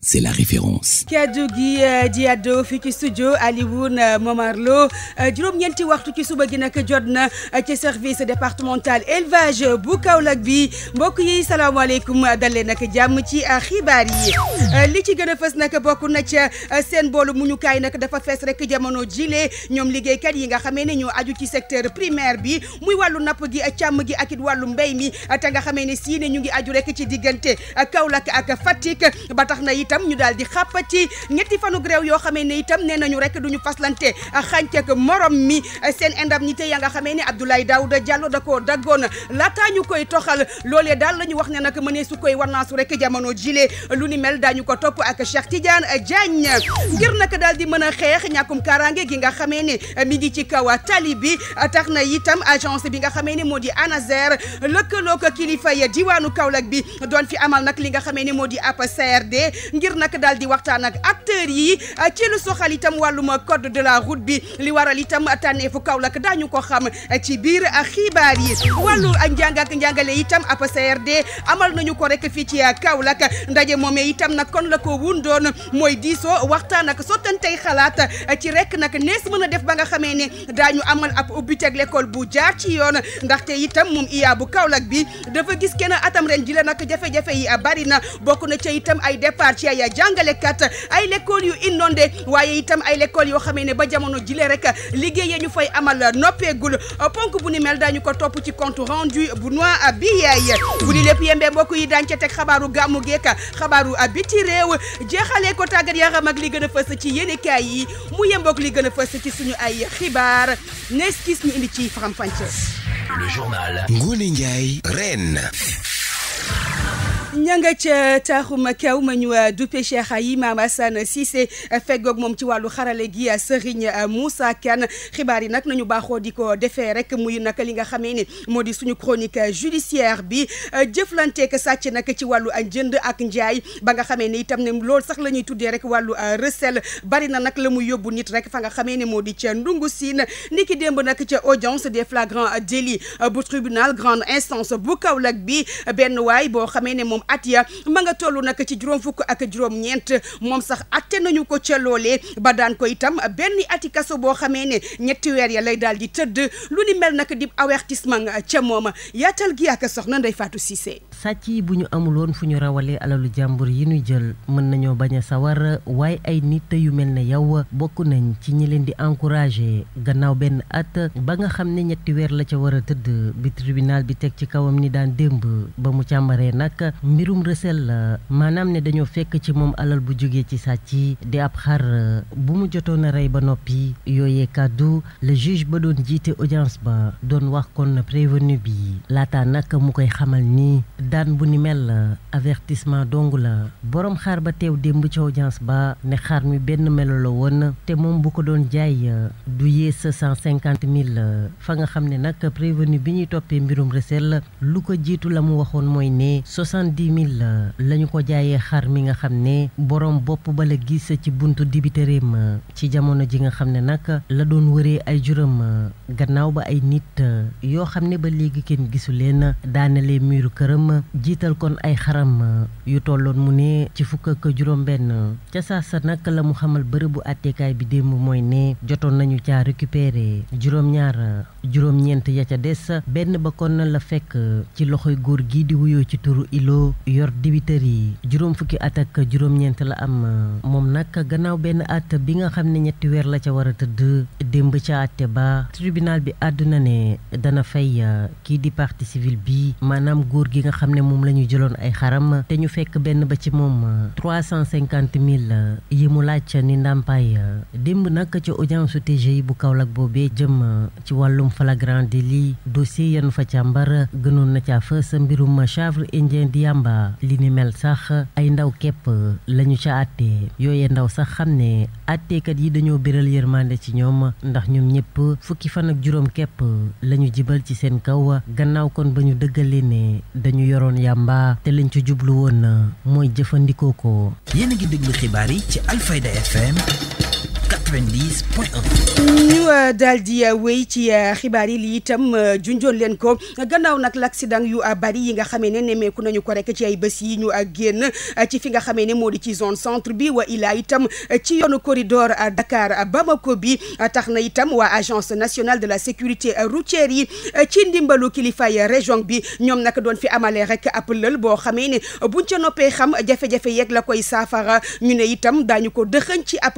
c'est la référence. kaddu gi euh, di àddoo fii ci studio Alioune euh, Momar Lo euh, juróom-ñeenti waxtu ci suba gi nag jot na ci service départemental élevage bu Kaolack bi mbokk yi salaamaaleykum dale nag jàmm ci xibaar yi li ci gën a fës nag bokk na ca seen boolu muñukaay nag dafa fes rek jamono jile ñoom liggéey liggéeykat yi nga xamee ne ñoo aju ci secteur primaire bi muy wàllu napp gi càmm gi ak it wàllu mbéy mi te nga xamee ne sii ne ñu ngi aju rekk ci diggante Kaolack itam ñu daal di xàppati ñetti fanu grève yoo xamee ne itam nee nañu rek duñu faslante xànceek morom mi seen indemnité ya nga xamee ne Abdoulaye Daouda Diallo da koo daggoon laataa ñu koy toxal loole daal la ñu wax ne nag mënee su koy warnaasu rek jamono jile lu ni mel daañu ko topp ak Cheikh Tidiane Diagne ngir nag daal di mën a xeex ñàkkum kaaraange gi nga xamee ne mi ngi ci kaw tali bi tax na itam agence bi nga xamee ne moo di ANASER lëkkaloo ko kilifa ya diwaanu Kaolack bi doon fi amal nag li nga xamee ne moo di ab CRD ngir nag daal di waxtaan ak acteurs yi euh, ci lu soxal wallu wàllum kod de la route bi li waral itam tànneefu Kaolack daañu ko xam euh, ci biir euh, xibaar yi wàllu njàng ak njàngale itam ab CRD amal nañu ko rek fii ci Kaolack ndaje moomee itam nag kon la ko wundoon mooy diisoo waxtaan ak tey xalaat ci rek nak nees mën a def ba nga xamee ne daañu amal ab ubbiteg l'école bu jaar ci yoon ndaxte itam moom iyaa bu Kaolack bi dafa gis kenn atam ren ji la nag yi bari na bokk na ca itam ci ay jàngalekat ay l'école yu inondé waaye itam ay lekkool yoo xamee ne ba jamono jile rek liggéey ya ñu fay amal noppeegul ponk bu ni mel daañu ko topp ci compte rendu bu noa bi yeey bu ni lépp yembee mbokk yi daañu ca teg xabaaru gàmmu geek xabaaru biti réew jeexalee ko tàggat yaram ak li gën a fës ci yéenekaay yi mu yemboog li gën a fës ci suñu ay xibaar nees kiis ñu indi ci faram-fàcce. Le journal Ngoné Ndiaye Reine. ña nga ca taaxum kaw ma ñu euh, duppe Cheikh yi Maam Assane Cissé euh, feggoog moom ci wàllu xarale gi euh, Serigne Moussa Kane xibaar yi nag nañu baaxoo di ko defee rek muy nag li nga xamee ni moo di suñu chronique judiciaire bi jëflanteeg sàcc nag ci wàllu jënd ak njaay ba nga xamee ni itam ne lool sax la ñuy tuddee rek wàllu recel bari na nag la muy yóbbu nit rek fa nga xamee ne moo di ca ndungu siin niki démb nak ca audience des flagrants délits bu tribunal grande instance bu Kaolack bi benn waay boo moom at ma nga toll nag ci juróom fukk ak juróom moom sax atte nañu ko ca loolee ba daan ko itam benn ati kaso boo xamee ne ñetti weer ya lay daal di tëdd lu ni mel nag di avertissement ca moom yaatal gi ak soxna Ndeye Fatou Cissé. sàcc yi bu ñu amuloon fu ñu rawalee alalu jàmbur yi ñu jël mën nañoo bañ a sawar waaye ay nit yu mel ne yow bokk nañ ci ñi leen di encouragé gannaaw benn at ba nga xam ne ñetti weer la ca war a tëdd bi tribunal bi teg ci kawam ni daan démb ba mu càmbaree nag. mbirum recel la euh, maanaam ne dañoo fekk ci moom alal bu jógee ci sàcc di ab xar euh, bu mu jotoon a rey ba noppi yooyee kàddu le juge ba doon jiite audience ba doon wax kon prévenu bi laata nag mu koy xamal ni daan bu ni mel la euh, avertissement dong la boroom xar ba teew démb ca audience ba ne xar mi benn melo woon na te moom bu ko doon jaay du yées cent cinquante mille fa nga xam ne nag prévenu bi ñuy toppee mbirum la lu ko jiitu la mu waxoon mooy dix euh, la ñu ko jaayee xar mi nga xam ne borom bopp ba la gis ci buntu dibitereem euh, ci jamono ji nga xam ne nag la doon wëre ay juróom euh, gannaaw ba ay nit yoo xam ne ba léegi kenn gisu leen daanelee miiru këram jiital kon ay xaram yu tolloon mu ne ci fukk ak juróom-benn ca saasa nag la mu xamal bërëbu àtteekaay bi démb mooy ne jotoon nañu caa récupérer juróom-ñaar juróom-ñeent ya ca des benn ba kon la fekk ci loxoy góor gii di wuyoo yor dibitër yi juróom fukki at ak juróom-ñeent la am moom nag gannaaw benn at bi nga xam ne ñetti weer la ca war a tëdd démb ca àtte ba tribunal bi àdduna ne dana fay uh, kii di partie civile bi maanaam góor gi nga xam ne moom la ñu jëloon ay xaram te ñu fekk benn ba ci moom uh, trois cent cinquante mille uh, yi mu laaj ni ndàmpaay démb nag ca audience su TGI bu Kaolack boobee jëm ci wàllum flagrant délit dossier yan fa càmbar gënoon na caa fës mbirum chanvre indien Samba li ni mel sax ay ndaw kepp la ñu ca àttee yooye ndaw sax xam ne àtteekat yi dañoo béral yërmande ci ñoom ndax ñoom ñëpp fukki fan ak juróom képp la ñu jibal ci seen kaw gannaaw kon ba ñu dëggalee ne dañu yoroon yàmba te lañ ca jublu woon mooy jëfandikoo ko. yéen gi ngi xibaar yi ci Alfayda FM. 90 point 1. ñu euh, daal di euh, wéy ci euh, xibaar yi lii itam junjoon leen ko gannaaw nag l' accident yu bari yi nga xamee ne nemmeeku nañu ko rek ci ay bés yi ñu génn ci fi nga xamee ne moo di ci zone centre bi wa ilaa itam ci yoonu corridor Dakar Bamako bi tax na itam waa agence nationale de la sécurité routière yi ci ndimbalu kilifay région bi ñoom nag doon fi amalee rek ab lël boo xamee ne buñ ca noppee xam jafe-jafe yeeg la koy saafara ñu ne itam daañu ko dëxëñ ci ab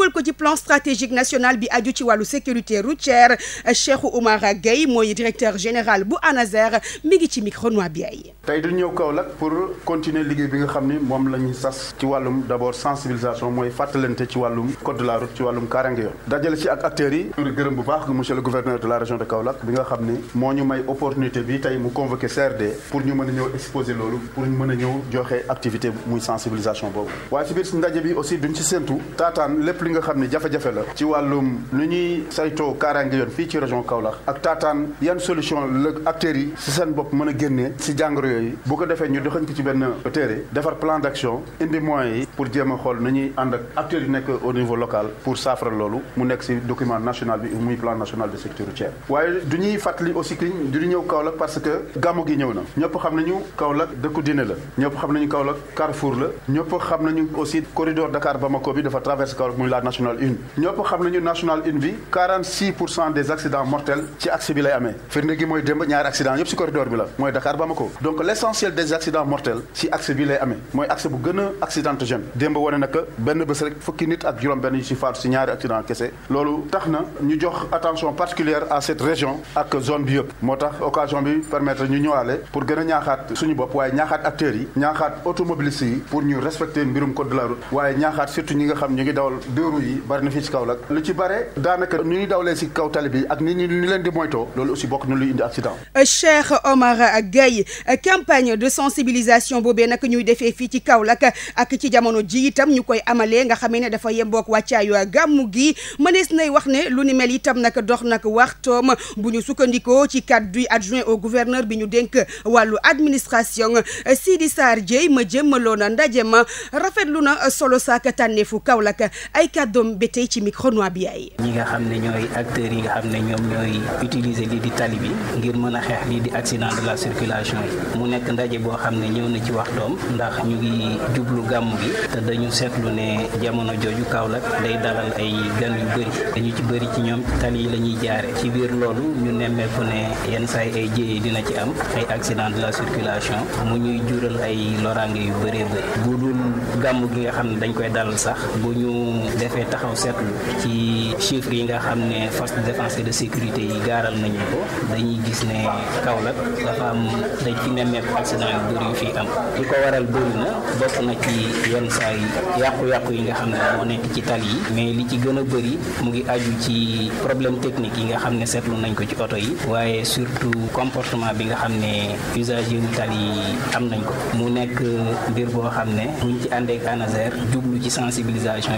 dugal ko ci plan stratégique national bi aju ci wàllu sécurité routière Cheikh Oumar Gueye mooy directeur général bu ANASER mi ngi ci micro Noa Biaye. tey dañu ñëw Kaolack pour continuer liggéey bi nga xam ni moom la ñu sas ci wàllum d' abord sensibilisation mooy fàttalante ci wàllum code de la route ci wàllum kaarange yoon dajale ci ak acteurs yi. pour gërëm bu baax monsieur le gouverneur de la région de Kaolack bi nga xam ni moo ñu may opportunité bi tey mu convoqué CRD pour ñu mën a ñëw exposer loolu pour ñu mën a ñëw joxe activité muy sensibilisation boobu waaye ci biir ndaje bi aussi duñ ci séntu taataan lépp li nga xam ne jafe-jafe la ci wàllum nu ñuy saytoo kaaraange yoon fii ci région Kaolack ak taataan yan solution la acteurs yi si seen bopp mën a génnee si jàngoro yooyu bu ko defee ñu doxañ ko ci benn téere defar plan d'action indi yi pour jéem a xool nu ñuy ànd ak acteurs yi nekk au niveau local pour saafara loolu mu nekk si document national bi muy plan national de sécurité routière waaye du ñuy fàttali aussi que du ñëw Kaolack parce que gàmmu gi ñëw la nationale 1 ñëpp bi des accidents mortels ci axe bi lay corridor bi la mooy Dakar Bamako donc l' des accidents mortels si axe bi lay amee mooy axe bu gën a accidentogène démb wane na benn bés rek fukki nit ak juróom benn yu si faatu si ñaari accident kese loolu tax na ñu jox attention particulière à cette région ak zone bi yëpp moo tax occasion bi permettre ñu ñëwaale pour gën ñaaxaat suñu bopp waaye ñaaxaat acteurs autoroute yi bari na fii lu ci bare daanaka ni ñuy dawlee ci kaw tali bi ak ni ñu ni leen di moytoo loolu aussi bokk na luy indi accident. Cheikh Omar Gueye campagne de sensibilisation boobee nag ñuy defee fii ci Kaolack ak ci jamono ji itam ñu koy amalee nga xamee ne dafa yembook yemboog wàccaayu gàmmu gi mënees nay wax ne lu ni mel itam nag dox nag waxtoom bu ñu sukkandikoo ci kàddu adjoint au gouverneur bi ñu dénk wàllu administration Sidi Sarr Dieye ma jëmmaloon ndaje ma rafetlu na solo saaka tànneefu Kaolack ay. kàddoom ba ci micro Noabia yi. ñi nga xam ne ñooy acteurs yi nga xam ne ñoom ñooy utiliser lii di tali bi ngir mën a xeex lii di accident de la circulation mu nekk ndaje boo xam ne ñëw na ci wax doom ndax ñu ngi jublu gàmmu gi te dañu seetlu ne jamono jooju Kaolack day dalal ay gan yu bëri dañu ci bëri ci ñoom tali yi la ñuy jaare ci biir loolu ñu nemmeeku ne yenn saa yi ay jéyee dina ci am ay accident de la circulation mu ñuy jural ay loraange yu bëree bëri defee taxaw seetlu ci chiffres yi nga xam ne force de défense et de sécurité yi gaaral nañu ko dañuy gis ne Kaolack dafa am dañ fi nemmeeku accident yu bëri fi am li ko waral bëri na bokk na ci yenn saa yi yàqu-yàqu yi nga xam ne moo nekk ci tal yi mais li ci gën a bëri mu ngi aju ci problème technique yi nga xam ne seetlu nañ ko ci oto yi waaye surtout comportement bi nga xam ne usager wu tal yi am nañ ko mu nekk mbir boo xam ne buñ ci àndee ak jublu ci sensibilisation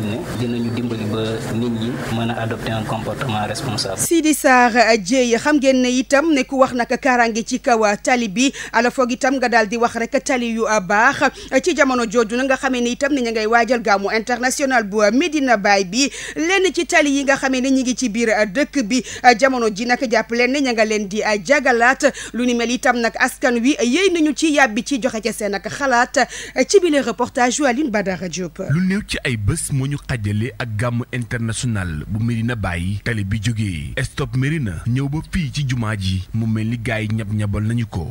nañu ne a adopter un euh, xam ngeen ne itam ne ku wax nag kaaraange ci kaw euh, tali bi ala foog itam nga daal di wax rek tali yu euh, baax ci jamono jooju na nga xamee ne itam ne ñu ngay waajal gàmmu international bu Medina Baye bi lenn ci tali yi nga xamee ne ñu ngi ci biir dëkk bi jamono ji nag jàpp leen ne ña leen di jagalaat lu ni mel itam nag askan wi yéy nañu ci yàbbi ci joxe ca seen ak xalaat ci bile reportage yu Aline Badara lu néew ci ay bés ñu xajale ak gàmmu international bu Medina bàyyi tali bi jógee stop Medina ñëw ba fii ci jumaa ji mu mel ni gaay ñab-ñabal nañu ko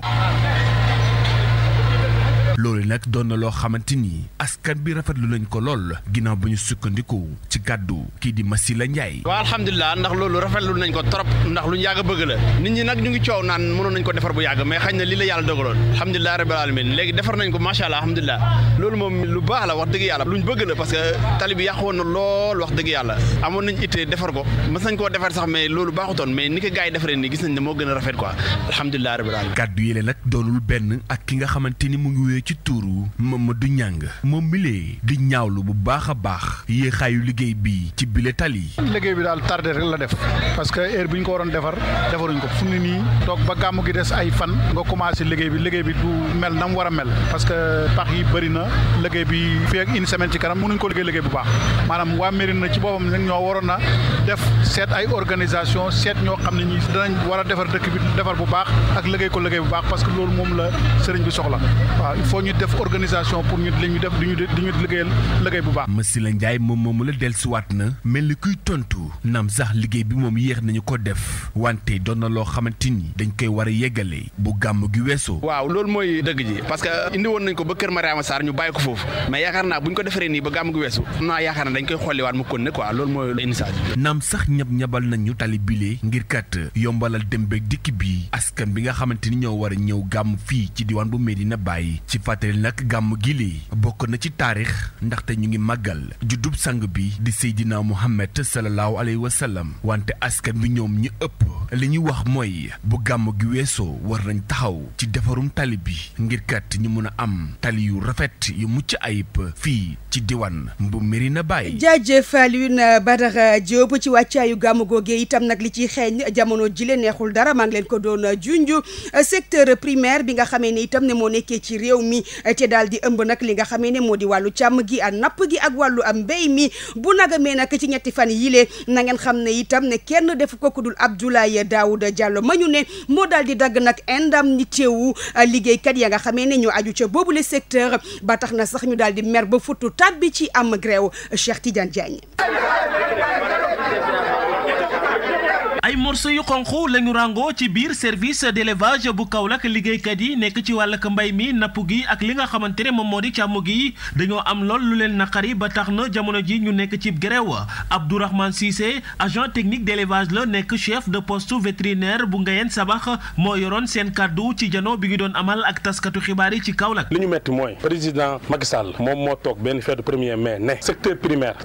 loolu nag doon na loo xamante ni askan bi rafetlu nañ ko lool ginnaaw ba ñu sukkandiku ci kàddu kii di Massila Ndiaye. waaw alhamdulilah ndax loolu rafetlu nañ ko trop ndax luñ yàgg bëgg la nit ñi nag ñu ngi coow naan mënoon nañ ko defar bu yàgg mais xañ na lii la yàlla dogaloon alhamdulilah rabbil alamin léegi defar nañ ko macha allah alhamdulilah loolu moom lu baax la wax dëgg yàlla luñ bëgg la parce que tali bi yàqoon na lool wax dëgg yàlla amoon nañ ittee defar ko mas nañ koo defar sax mais loolu baaxutoon mais ni ko gars yi defaree nii gis nañ moo gën a rafet quoi alhamdulilah rabbil alamin kàddu benn ak ki nga xamante ni mu ci tuuru Mamadou Niang moom milee di ñaawlu bu baax a baax yéexaayu liggéey bi ci bile tali. liggéey bi daal tardé rek la def parce que heure bi ñu ko waroon defar defaruñ ko fu ni nii toog ba gàmmu gi des ay fan nga commencé liggéey bi liggéey bi du mel na mu war a mel parce que pax yi bëri na liggéey bi fii ak une semaine ci kanam mënuñ ko liggéey liggéey bu baax maanaam waa mairie na ci boppam nag ñoo waroon na def seet ay organisation seet ñoo xam ne ñi danañ war a defar dëkk bi defar bu baax ak liggéey ko liggéey bu baax parce que loolu moom la sëriñ bi soxla waaw ba ñu def organisation pour ñu li ñu def di ñu di ñu liggéeyal liggéey bu baax. Massila Ndiaye moom moomu la dellusiwaat na mel ni kuy tontu naam sax liggéey bi moom yéex nañu ko def wante doon na loo xamante ni dañ koy war a yeggale bu gàmm gi weesoo. waaw loolu mooy dëgg ji parce que indi woon nañ ko ba Kër a Sarr ñu bàyyi ko foofu mais yaakaar naa bu ñu ko defaree nii ba gàmm gi weesu naa yaakaar naa dañ koy xolliwaat mu kon ne quoi loolu mooy initiative bi. naam sax ñab ñabal nañu tali bile ngir kat yombalal dem dikk bi askan bi nga xamante ni ñoo war a ñëw gàmm fii ci diwaan bu Medina Baye ci ci fàttali nag gàmm gi lii bokk na ci taarix ndaxte ñu ngi màggal juddub sang bi di Seydina Muhammad sallallahu alayhi wa sallam wante askan bi ñoom ñu ëpp li ñuy wax mooy bu gàmm gi weesoo war nañ taxaw ci defarum tali bi ngir kat ñu mun a am tali yu rafet yu mucc ayib fii ci diwaan bu Médina Baye. jaajëf Alioune Badara Diop ci wàccaayu gàmm googe itam nag li ciy xeeñ jamono jile neexul dara maa ngi leen ko doon junj secteur primaire bi nga xamee ne itam ne moo nekkee ci réew mi eh, te daal di ëmb nag li nga xamee ne moo di wàllu càmm gi ak napp gi ak wàllu am mbéy mi bu nagamee nag ci ñetti fan yile na ngeen xam ne itam ne kenn def ko ku dul Abdoulaye Daouda Diallo ma ñu ne moo daal di dagg nag indemnité wu eh, liggéeykat ya nga xamee ne ñoo aju ca le secteur ba tax na sax ñu daal di mer ba futtu tàbbi ci am grève eh, Cheikh Tidiane Diagne ay morceaux yu xonq lañu ràngoo ci biir service d'élevage bu Kaolack liggéeykat yi nekk ci wàllug mbay mi napp gi ak li nga xamante ne moom moo di càmm gi dañoo am lool lu leen naqari ba tax na jamono ji ñu nekk ci grève Abdourahmane Cissé agent technique d'élevage la nekk chef de poste vétérinaire bu Ngayeen Sabax moo yoroon seen kàddu ci jano bi ñu doon amal ak taskatu xibaar yi ci Kaolack. li ñu metti mooy président Macky Sall moom moo toog benn fête premier mai ne secteur primaire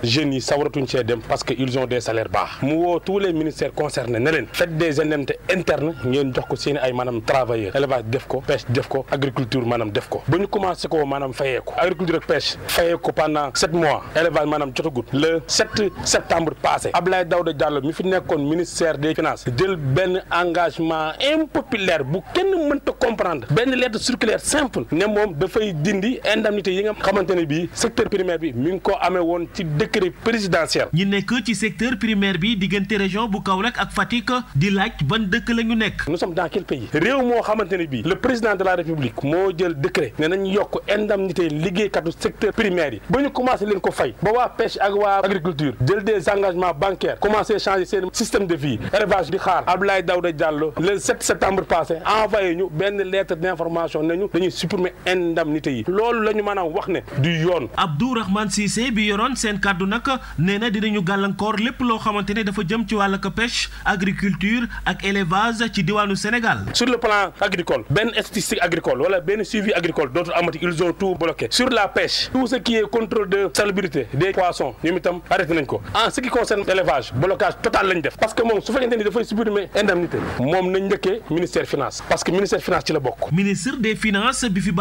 ne ne leen faites des indemnités internes ngeen jox ko seen ay maanaam travailleurs élevage def ko pêche def ko agriculture maanaam def ko ba ñu commencé ko maanaam fayee ko agriculture ak pêche fayee ko pendant sept mois élevage maanaam jotagut le sept septembre passé Abdoulaye Daouda Diallo mi fi nekkoon ministère des finances jël benn engagement impopulaire bu kenn mënta comprendre benn lettre circulaire simple ne moom dafay dindi indemnité yi nga xamante ne bii secteur bi mi ngi ko amee woon ci décret présidentiel. ñi nekk ci secteur primaire bi diggante région bu Kaolack Fatick di laaj ban dëkk la ñu nekk. nous sommes dans quel pays réew moo xamante ne bii le président de la république moo jël dëkke ne nañ yokk indam indemnité liggéeykatu secteur primaire yi ba ñu commencé leen ko fay ba waa pêche ak waa agriculture jël des engagements bancaires commencé changer seen système de vie élevage di xaar Abdoulaye Daouda Diallo le 7 septembre passé envoyé ñu benn lettre d'information ne ñu dañuy indam indemnité yi loolu la ñu a wax ne du yoon. Abdourahmane Cissé bi yoroon seen kàddu nag nee na dinañu gàllankoor lépp loo xamante ne dafa jëm ci wàllug pêche. agriculture ak élevage ci diwaanu Sénégal. sur le plan agricole benn statistique agricole wala benn suivi agricole dootul amati ils tout bloqué sur la pêche tout ce qui est contrôle de salubrité des poissons ñoom itam arrêté nañ ko en ce qui concerne élevage blocage total lañ def parce que moom su fekkente ni dafay supprimer indemnité moom nañ njëkkee ministère finance parce que ministère finance ci la bokk. ministre des finances bi fi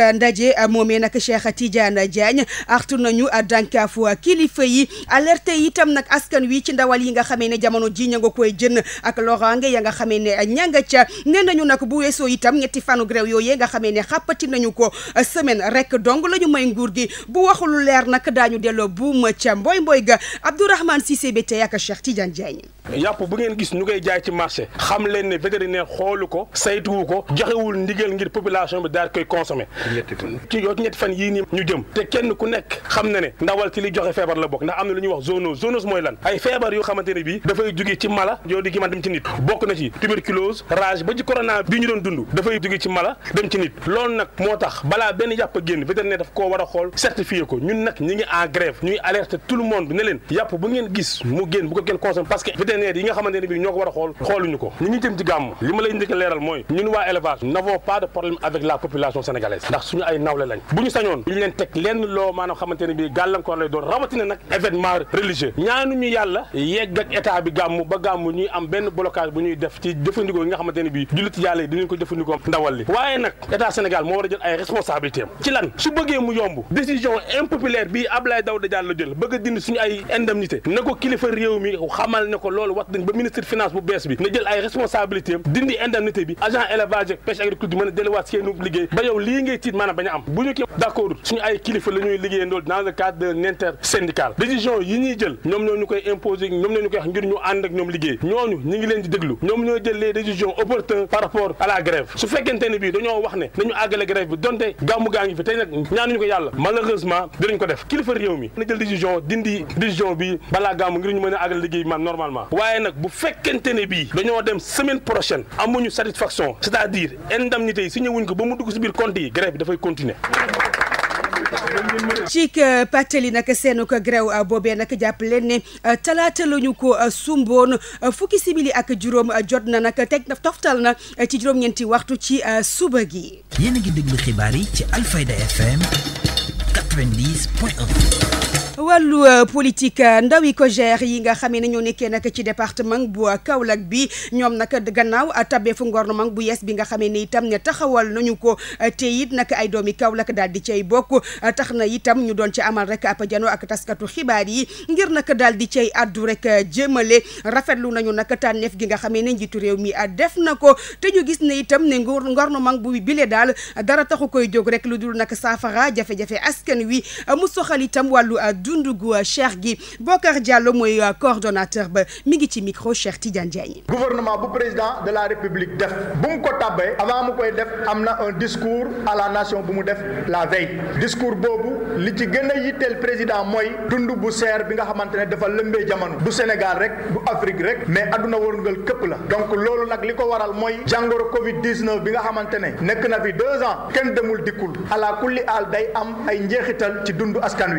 ak ndaje moomee nag Cheikh Tidiane Diagne artu nañu dànkaafu kilifa yi alerte itam nag askan wi ci ndawal yi nga xamee ne jamono ji ña nga koy jën ak loraange ya nga xamee ne ña nga ca nee nañu nag bu weesoo itam ñetti fanu grève yooyee nga xamee ne xàppati nañu ko semaine rek dong lañu may nguur gi bu waxulu leer nag daañu delloo buuma ca mboy mboy ga Abdourahmane Cissé ba tey ak Cheikh Tidiane Diagne yàpp bu ngeen gis ñu koy jaay ci marché xam leen ne vétérinaire xoolu ko saytuwu ko joxewul ndigal ngir population bi daal koy ci ñetti fan ci yii nii ñu jëm te kenn ku nekk xam na ne ndawal ci li joxe feebar la bokk ndax am na lu ñuy wax zoonose zoonose mooy lan ay feebar yoo xamante ne bii dafay jóge ci mala yoo na ci tuberculose rage ba ci corona bi ñu doon dund dafay jóge ci mala dem ci nit loolu nag moo tax balaa benn yàpp génn vétérinaire daf koo war a xool certifié ko ñun nag ñi ngi en grève ñuy alerter tout le monde ne leen yàpp bu ngeen gis mu génn bu ko kenn consommé parce que vétérinaire yi nga xamante ne bii ñoo ko war a xool xooluñu ko ñu ngi li ma lay njëkk leeral mooy ñun waa élevage ndax suñu ay nawle lañ bu ñu sañoon ñu leen teg lenn loo maanaam xamante ne bii gàllankoor lay doon rawatina nag événement religieux ñu yàlla yegg ak bi gàmm ba gàmm ñu am benn blocage bu ñuy def ci jëfandikoo yi nga xamante ne bii jullit yàlla yi dinañ ko jëfandikoo ndawal li waaye nag état Sénégal moo war a jël ay responsabilité am ci lan su bëggee mu yomb décision impopulaire bii Abdoulaye Daouda Diallo jël bëgg a dindi suñu ay indemnité ne ko kilifa réew mi xamal ne ko loolu wax dañ ba ministre finance bu bees bi na jël ay responsabilité am dindi bi agent élevage pêche agriculture mën a delluwaat seenu liggéey day tiit maanaam bañ a am bu ñu kii d'accord suñu ay kilifa la ñuy liggéeyandool dans le cadre d'un intersyndical décision yi ñuy jël ñoom ñoo ñu koy imposer ñoom ñu koy wax ngir ñu ànd ak ñoom liggéey ñooñu ñu ngi leen di déglu ñoom ñoo jël les décisions opportunes par rapport à la grève su fekkente ne dañoo wax ne nañu àggale grève bi donte gàmmu gaa ngi fi tey nag ñaanuñu ko yàlla malheureusement dinañ ko def kilifa réew dindi décision bi balaa gàmmu a àggale grève bi dafay continuer ci pàttali nag seenu ko grève ah, boobee nag jàpp leen ne ah, talaata la ñu ko ah, sumboon fukki simili ak juróom jot na nag teg toftal na ci juróom-ñeenti waxtu ci suba gi. yéen a ngi déglu xibaar yi ci Alfayda FM wàllu euh, politique euh, ndaw yi ko gère yi nga xamee ne ñoo nekkee nag ci département bu euh, Kaolack bi ñoom nag gannaaw tabe tabeefu ngornement bu yees bi nga xamee ne itam ne taxawal nañu ko te it nag ay doomi Kaolack daal di cay bokk tax na itam ñu doon ci amal rek ab jano ak taskatu xibaar yi ngir nag daal di cay addu rek jëmale rafetlu nañu nag tànneef gi nga xamee ne njiitu réew mi def na ko te ñu gis ne itam ne ngornement bu bile daal dara taxu koy jóg rek lu dul nag saafara jafe-jafe askan wi mu itam wàllu dund gu euh, cher gi Bokar Diallo mooy euh, coordonnateur ba mi ngi ci micro Cheikh Tidiane Diagne. gouvernement bu président de la république def bu mu ko tàbbee avant mu koy def am na un discours à la nation bu mu def la veille discours boobu li ci gën a yitteel président mooy dund bu seer bi nga xamante ne dafa lëmbee jamono du Sénégal rek du Afrique rek mais àdduna wërngal këpp la donc loolu nag li ko waral mooy jàngoro Covid 19 bi nga xamante ne nekk na fi deux ans kenn demul dikkul ala kulli aal day am ay njeexital ci dundu askan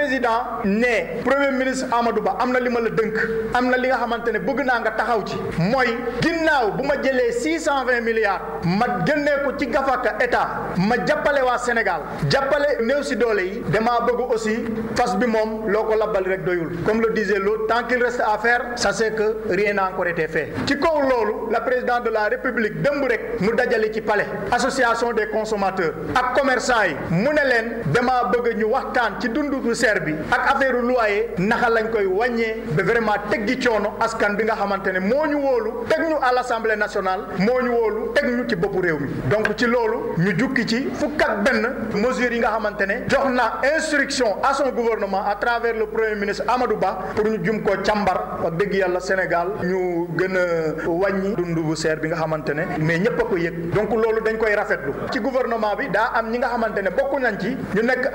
président ne premier ministre Amadou Ba am na li ma la dënk am na li nga xamante ne bëgg naa nga taxaw ci mooy ginnaaw bu ma jëlee six cent vingt milliards ma génnee ko ci gafaka état ma jàppale waa Sénégal jàppale néew si doole yi damaa bëgg aussi fas bi moom loo ko labbali rek doyul comme le disait l'autre tant qu'il reste à faire ça c'est que rien n'a ci kaw loolu la président de la république démb rek mu dajale ci palais association des consommateurs ak commerçants cher bi ak affaire loyer naka lañ koy wàññee ba vraiment teggi coono askan bi nga xamante ne moo ñu wóolu teg ñu à l'Assemblée nationale moo ñu wóolu teg ñu ci boppu réew mi donc ci loolu ñu jukki ci fukk ak benn mesures yi nga xamante ne jox na instruction à son à travers le premier ministre Amadou Ba pour ñu jum ko càmbar wax dëgg yàlla Sénégal ñu gën a wàññi dund bu seer bi nga xamante ne mais ñëpp a ko yëg donc loolu dañ koy rafetlu ci gouvernement bi daa am ñi nga xamante ne bokku nañ ci ñu nekk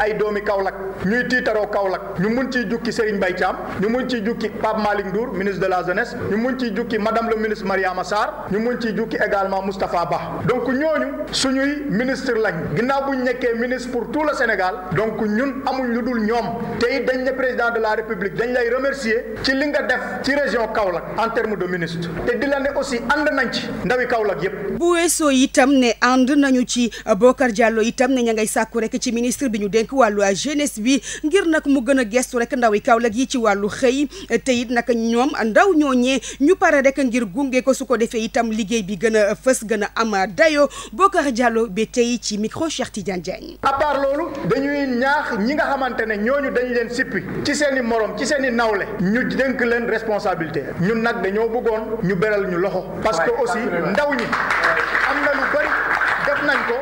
taxawu Kaolack ñu mun ciy jukki Serigne Mbaye Thiam ñu mun ciy jukki Pape Malick Ndour ministre de la jeunesse ñu mun ciy jukki madame le ministre Mariama Sarr ñu mun ciy jukki également Moustapha Ba donc ñooñu suñuy ministre lañ ginnaaw bu ministre pour tout le Sénégal donc ñun amuñ lu dul ñoom te it président de la république dañ lay remercier ci li def ci région Kaolack en terme de ministre te di aussi ànd nañ ci ndawi Kaolack yépp ngir nag mu gën a gestu rek ndaw yi kaw Kaolack yi ci wàllu xëy te it nag ñoom ndaw ñoo ñooñee ñu pare rek ngir gunge ko su ko defee itam liggéey bi gën a fës gën a am dayo Bokar Diallo ba tey ci micro Cheikh Tidiane Diagne. à loolu dañuy ñaax ñi nga xamante ne ñooñu dañu leen sippi ci seen i morom ci seen i nawle ñu dénk leen responsabilité ñun nag dañoo bëggoon ñu beral ñu loxo. parce que aussi ndaw ñi am na lu bari def nañ ko.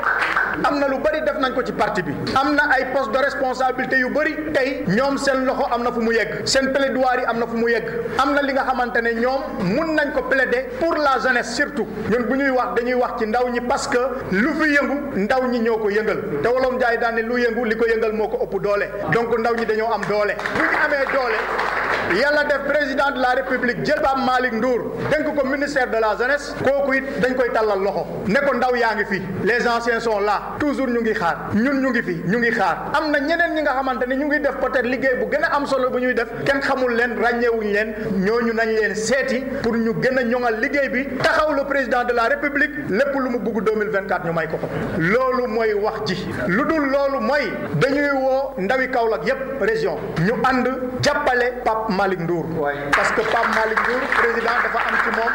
am na lu bëri def nañ ko ci parti bi am na ay poste de responsabilité yu bëri tey ñoom seen loxo am na fu mu yegg seen plaidoirie am na fu mu yegg am na li nga xamante ne ñoom mun nañ ko de pour la jeunesse surtout ñun bu ñuy wax dañuy wax ci ndaw ñi parce que lu fi yëngu ndaw ñi ñoo ko yëngal te woloom jaay daan ne lu yëngu li ko yëngal moo ko ëpp doole donc ndaw ñi dañoo am doole bu ñu amee doole yàlla def président de la république jël Pape Malick Ndour dénk ko ministère de la jeunesse kooku it dañ koy tàllal loxo ne ndaw yaa ngi fi les anciens sont xaar toujours ñu ngi xaar ñun ñu ngi fi ñu ngi xaar am na ñeneen ñi nga xamante ni ñu ngi def peut liggéey bu gën a am solo bu ñuy def kenn xamul leen ràññeewuñ leen ñu nañ leen seeti pour ñu gën a ñoŋal liggéey bi taxaw le président de la république lépp lu mu bugg 2024 ñu may ko ko loolu mooy wax ji lu dul loolu mooy dañuy woo ndawi Kaolack yépp région ñu ànd jàppale Pape Malick Ndour parce que Pape Malick président dafa am ci moom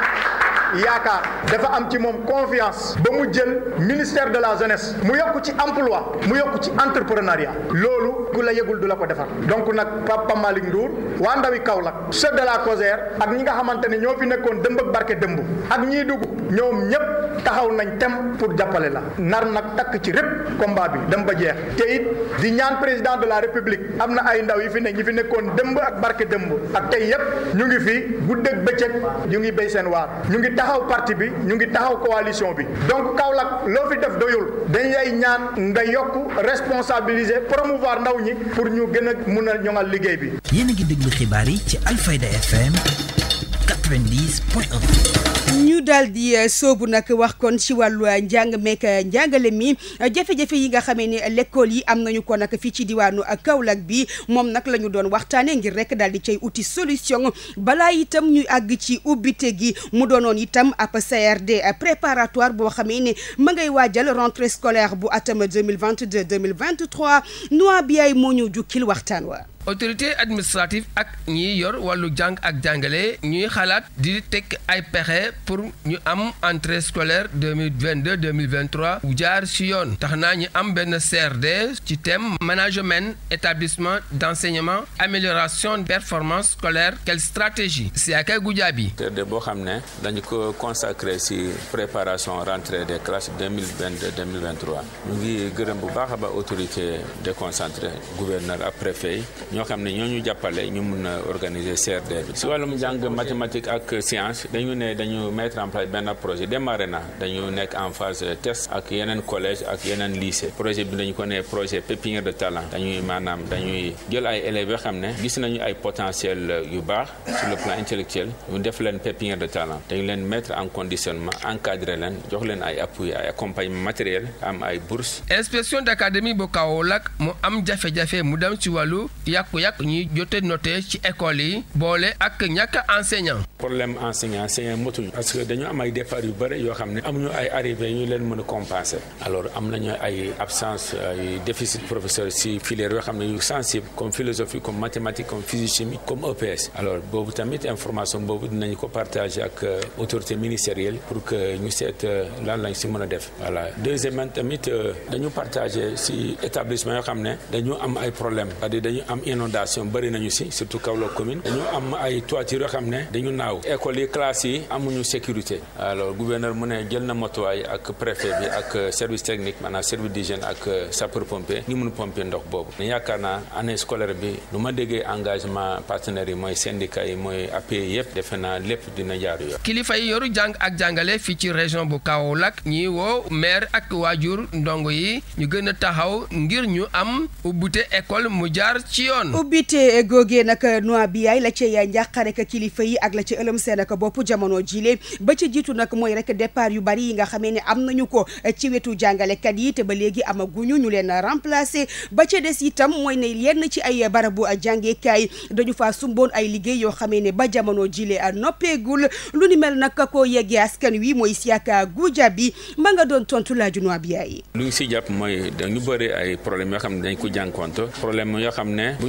yaakaar dafa am ci moom confiance ba mu jël ministère de la jeunesse mu yokk ci emploi mu yokk ci entrepreneuriat loolu gu la yëgul du la ko defar donc nag Papa Malick Ndour waa ndawi Kaolack chef de la COJER ak ñi nga xamante ne ñoo fi nekkoon dëmb ak barke dëmb ak ñiy dugg ñoom ñëpp taxaw nañ tem pour jàppale la nar nag takk ci rëpp combat bi dem ba jeex te it di ñaan président de la république am na ay ndaw yi fi ne ñi fi nekkoon dëmb ak barke dëmb ak tey yëpp ñu ngi fi guddeeg bëccëg ñu ngi béy seen waar ñu taxaw parti bi ñu ngi taxaw coalition bi donc Kaolack loo fi def doyul dañ ay ñaan nga yokk responsabiliser promouvoir ndaw ñi pour ñu gën a mun a ñoŋal liggéey bi. yéen a ngi déglu xibaar yi ci Alfayda FM. ñu daal di euh, soobu nag wax kon ci wàllu euh, njàng meek euh, njàngale mi jafe-jafe yi nga xamee ne lekkool yi am nañu ko nag fii ci diwaanu Kaolack bi moom nag la ñu doon waxtaanee ngir rek daal di cay uti solution balaa itam ñu àgg ci ubbite gi mu doonoon itam ab CRD préparatoire boo xamee ne ma ngay waajal rentrée scolaire bu atam 2022 2023 noa bi yaay moo ñu jukkil waxtaan wa autorité administrative ak ñiy yor wàllu jàng ak jàngale ñuy xalaat di teg ay pexe pour ñu am entrée scolaire 2022 2023 bu jaar si yoon tax naa ñu am benn CRD ci thème management établissement d'enseignement amélioration performance scolaire quelle stratégie Siaka Goudiaby CRD boo xam ne dañu ko consacré si préparation rentrée des classes 2022 2023 ñu ngi gërëm bu baax a baax autorité déconcentrée gouverneur ak préfet yi ñoo xam ne ñoo ñu jàppale ñu mun a organiser CRD bi si wàllum jàng mathématique ak science dañu ne dañu mettre en place benn projet démarré na dañu nekk en phase test ak yeneen collège ak yeneen lycée projet bi dañu ko ne projet pépinière de talent dañuy maanaam dañuy jël ay élèves xam ne gis nañu ay potentiel yu baax sur le plan intellectuel ñu def leen pépinière de talent dañu leen mettre en conditionnement encadré leen jox leen ay appui ay accompagnement yàqu-yàqu ñuy jote noté ci école yi boole ak ñàkk enseignant problème enseignant enseignant motuñu parce que dañu am ay départs yu bëri yoo xam ne amuñu ay arrivé ñu leen mën a compenser alors am nañu ay absence ay déficit professeur si filière yoo xam ne yu sensible comme philosophie comme mathématique comme physique chimie comme EPS alors boobu tamit information boobu dinañ ko partager ak euh, autorité ministérielle pour que ñu seet euh, lan lañ si mën a def voilà deuxièmement tamit euh, dañu partager si établissement yoo xam ne dañu am ay problème inondation bëri nañu si surtout Kaolack commune dañu am ay toiture yoo xam ne dañu naaw école yi classe yi amuñu sécurité alors gouverneur mu ne jël na matuwaay ak préfet bi ak euh, service technique maanaam service d'hygiène ak euh, sapeur pompier ñu mun pompier ndox boobu yaakaar naa année scolaire bi lu ma déggee engagement partenaires yi mooy syndicat yi mooy APE yëpp defe naa lépp dina jaar yoon kilifa yi yoru jàng ak jàngale fii ci région bu Kaolack ñi woo maire ak waajur ndongo yi ñu gën a yoon ubbite googee nag noi bi yaay la cee yaay njàqarek kilifa yi ak la ci ëlëm seen ak bopp jamono jile ba ci jiitu nag mooy rek départ yu bari yi nga xamee ne am nañu ko ci wetu jàngalekat yi te ba léegi amaguñu ñu leen remplacer ba ca des itam mooy ne yenn ci ay barabu jàngeekaay dañu fa sumboon ay liggéey yoo xamee ne ba jamono jilee jile noppeegul lu ni mel nag koo yeggee kan wi mooy Siaka Goudiaby ma nga doon tontu laaju noi bi yaay lu si jàpp mooy yoo xam ne dañ ko jànkonto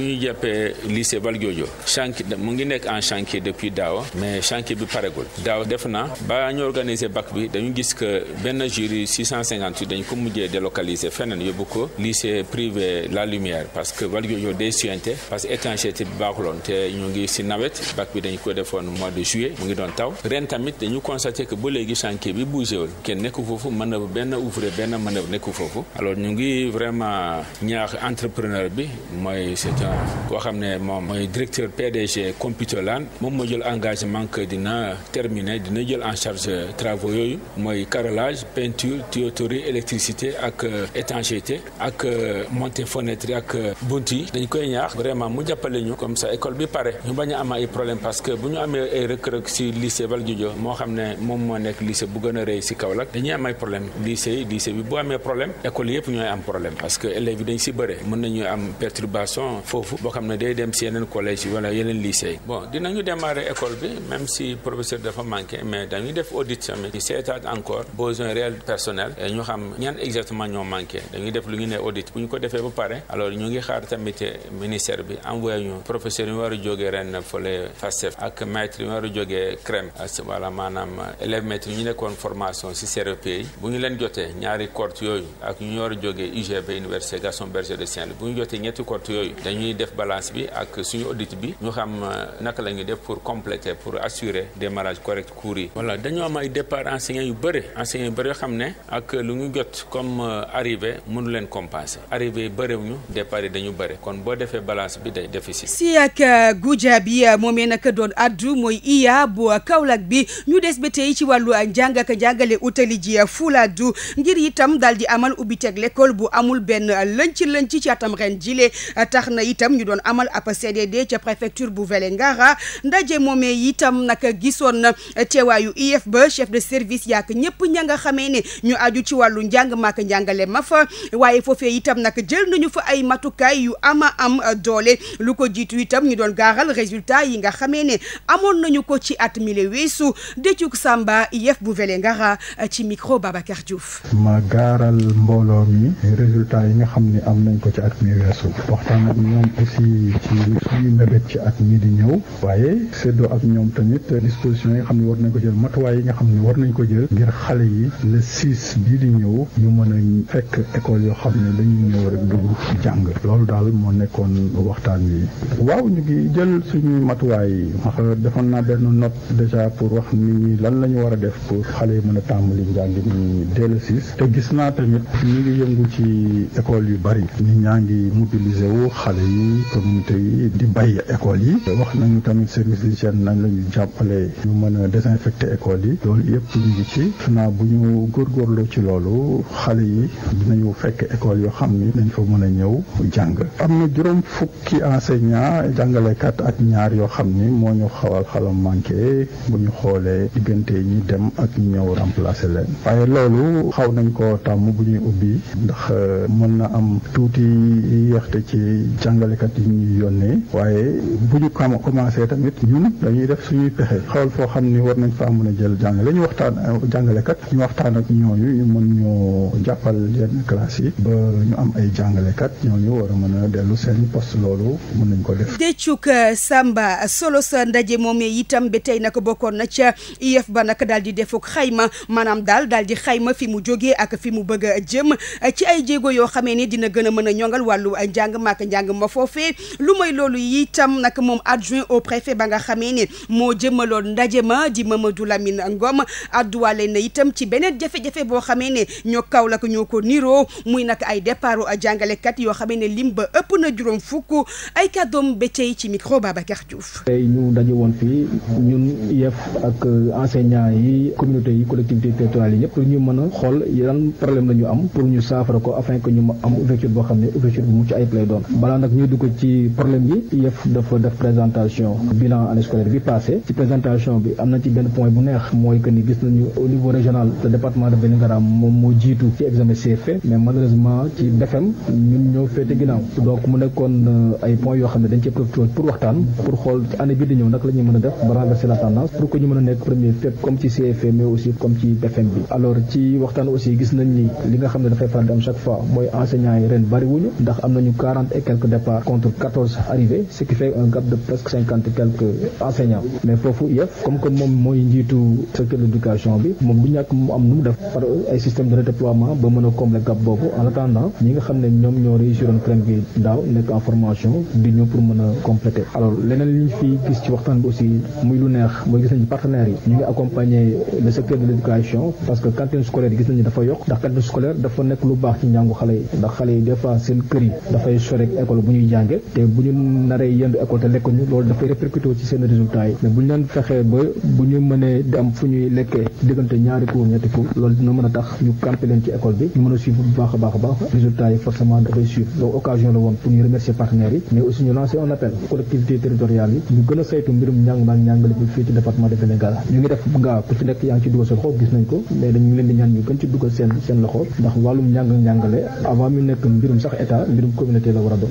bu ñu jàppee lycée Valdiodio chantier mu ngi nekk en chantier depuis daaw mais chantier bi paregul daaw def na ba ñu organiser bac bi dañu gis que benn jury 658 dañ ko mujjee délocaliser feneen yóbbu ko lycée privé La Lumière parce que Valdiodio day suyante parce que étanchéité bi baaxuloon te ñu ngi si nawet bac bi dañ ko defoon mois de juillet mu ngi doon taw ren tamit dañu constaté que ba léegi chantier bi bougéwul kenn nekku foofu manœuvre benn ouvrier benn manœuvre nekku foofu alors ñu ngi vraiment ñaax entrepreneur bi mooy c'est koo xam ne moom mooy directeur PDG Computerland moom moo jël engagement que dina terminer dina jël en charge travaux yooyu mooy carrelage peinture tuyauterie électricité ak euh, étanchéité ak euh, montée fenêtre ak euh, bunt yi dañ koy ñaax vraiment mu jàppale ñu comme ça école bi pare ñu bañ a am ay problème parce que bu ñu amee ay rëkk-rëkk si lycée Valdiodio moo xam ne moom moo nekk lycée bu gën a rëy si Kaolack dañuy am ay problème lycée yi lycée bi bu amee problème yëpp ñooy am problème parce que élèves yi dañ si bëre mën foofu boo xam ne day dem si yeneen collège wala yeneen lycée bon dinañu démarrer école bi même si professeur dafa manqué mais dañu def audit tamit di seetaat encore besoin réel personnel ñu xam ñan exactement ñoo manqué dañuy def lu ñu ne audit bu ñu ko defee ba pare alors ñu ngi xaar tamit ministère bi envoyé ñu professeur ñu war a jógee ren fële FASTEF ak maître yi war a jógee CREM voilà maanaam élève maître ñu nekkoon formation si CRP yi bu ñu leen jotee ñaari corte yooyu ak ñu war a jógee UGB université Gaston Berger de Saint-Louis bu ñu jotee ñetti corte yooyu ñuy def balance bi ak suñu audit bi ñu xam euh, naka la def pour compléter pour assurer démarrage correct cours yi. voilà dañoo am ay départ enseignants yu bëri enseignants yu bëri yoo xam ne ak lu ñu jot comme euh, arrivé mënu compenser arrivé bëriwuñu départ yi dañu bëri kon boo defee balance bi day déficit. si ak euh, Goudia bi moomee nag doon addu mooy iya bu bi ñu des ba tey ci wàllu njàng ak njàngale utali ji Fuladu ngir itam daal di amal ubbi teg l'école bu amul itam ñu doon amal ab CDD ca préfecture bu Vélingara ndaje moomee yitam nag gisoon na teewaayu IEF ba chef de service yaak ñëpp ña nga xamee ne ñu aju ci wàllu njàng maak njàngale ma fa waaye foofee itam nag jël nañu fa ay matukaay yu ama am doole lu ko jiitu itam ñu doon gaaral résultat yi nga xamee ne amoon nañu ko ci at mile weesu Déthiou sàmba IEF bu Vélingara ci micro Babacar Diouf. ma gaaral mbooloo mi résultat yi nga xam ne am nañ ko ci at am aussi ci suñuy mébét ci ak mii di ñëw waaye seddoo ak ñoom tamit dispositions yi nga xam ne war nañ ko jël matuwaay yi nga xam ne war nañ ko jël ngir xale yi le 6 bii di ñëw ñu mën a fekk école yoo xam ne dañuy ñëw rek dugg jàng loolu daal moo nekkoon waxtaan wi waaw ñu ngi jël suñuy matuwaay yi ndax defoon naa benn note déjà pour wax nit ñi lan la ñu war a def pour xale yi mën a tàmbali njàng mi dès le 6 te gis naa tamit ñu ngi yëngu ci école yu bari nit ñaa ngi mobiliser wu xale yi communauté yi di bàyyi école yi wax nañu tamit service d'hygiène nañ lañu jàppale ñu mën a désinfecter école yi loolu yëpp ñu ngi ci xanaa bu ñu góorgóorloo ci loolu xale yi dinañu fekk école yoo xam ni dañ fa mën a ñëw jàng am na juróom fukki enseignant jàngalekat ak ñaar yoo xam ni moo ñu xawal xalam manqué bu ñu xoolee diggante ñi dem ak ñi ñëw remplacer leen waaye loolu xaw nañ ko tàmm bu ubbi ndax euh, mën na am tuuti yeexte ci jàng jàngalekat yi ñuy yónnee waaye bu ñu kam commencé tamit ñun dañuy def suñuy xool foo xam ni war nañ faa mën a jël jàngale ñu waxtaan euh, jàngalekat ñu waxtaan ak ñooñu ñu mën ñoo jàppal yenn classe yi ba ñu am ay jàngalekat ñooñu war a mën a dellu seen poste loolu mën nañ ko def. Décuk euh, Samba solo sa ndaje moom itam ba tey nag bokkoon na ca IEF ba nag daal di defuk xayma maanaam daal daal di xayma fi mu jógee ak fi mu bëgg a jëm ci ay jéego yoo xamee ne dina gën a mën a ñongal wàllu njàng maak njàng foofee lu mooy loolu itam nag moom adjoint au préfet ba nga xamee ne moo jëmaloon ndaje ma di Mamadou Lamine Ngom adduwaale na itam ci beneen jafe-jafe boo xamee ne ñoo Kaolack ñoo ko niroo muy nag ay a jàngalekat yoo xamee ne lim ba ëpp na juróom fukk ay kàddoom bëccëy ci micro Babacar Diouf. tey ñu daje woon fii ñun yef ak enseignants yi communauté yi collectivités territoriales yi ñëpp ñu mën a xool yan problème la ñu am pour ñu saafara ko afin ñu boo xam ne ouverture ñuy dugg ci dafa def présentation bilan année scolaire bi passé ci présentation bi am na ci benn point bu neex mooy que ni gis nañu au niveau régional le e, donc mu nekkoon euh, ay points yoo xam ne dañ ci profité waxtaan pour xool ci année bi di ñëw nag la ñuy def ba renverser la tendance pour que ñu mën a nekk premier fépp comme ci CFEE mais aussi comme ci BFEM bi alors ci waxtaan aussi gis nañ ni li nga xam ne dafay faral di chaque fois mooy enseignants yi ren bariwuñu ndax pas contre 14 arrivés ce qui fait un gap de presque 50 et quelques enseignants mais foofu yëf comme que moom mooy njiitu secteur de l'éducation bi moom du ñàkk mu am nu mu def ay système de redéploiement ba mën a combler gap boobu en attendant ñi nga xam ne ñoom ñoo réussiroon crème bi daaw nekk en di ñëw pour mën a compléter alors leneen li ñu fi gis ci waxtaan bi aussi muy lu neex mooy gis nañu partenaires yi ñu ngi accompagner le ñuy bu ñu naree yendu école te lekkuñu loolu dafay répercuté ci seen résultats yi mais bu ñu fexee ba bu ñu mënee di fu ñuy lekkee diggante ñaari cours ñetti cours a tax ñu campé leen ci a baax a baax a baax a ngi def ngaa ku ci nekk yaa ci dugal seen xol gis nañ ko mais dañu leen di ñu gën ci dugal seen seen loxo ndax wàllum njàng njàngale avant mu nekk mbirum sax état mbirum communauté la war a doon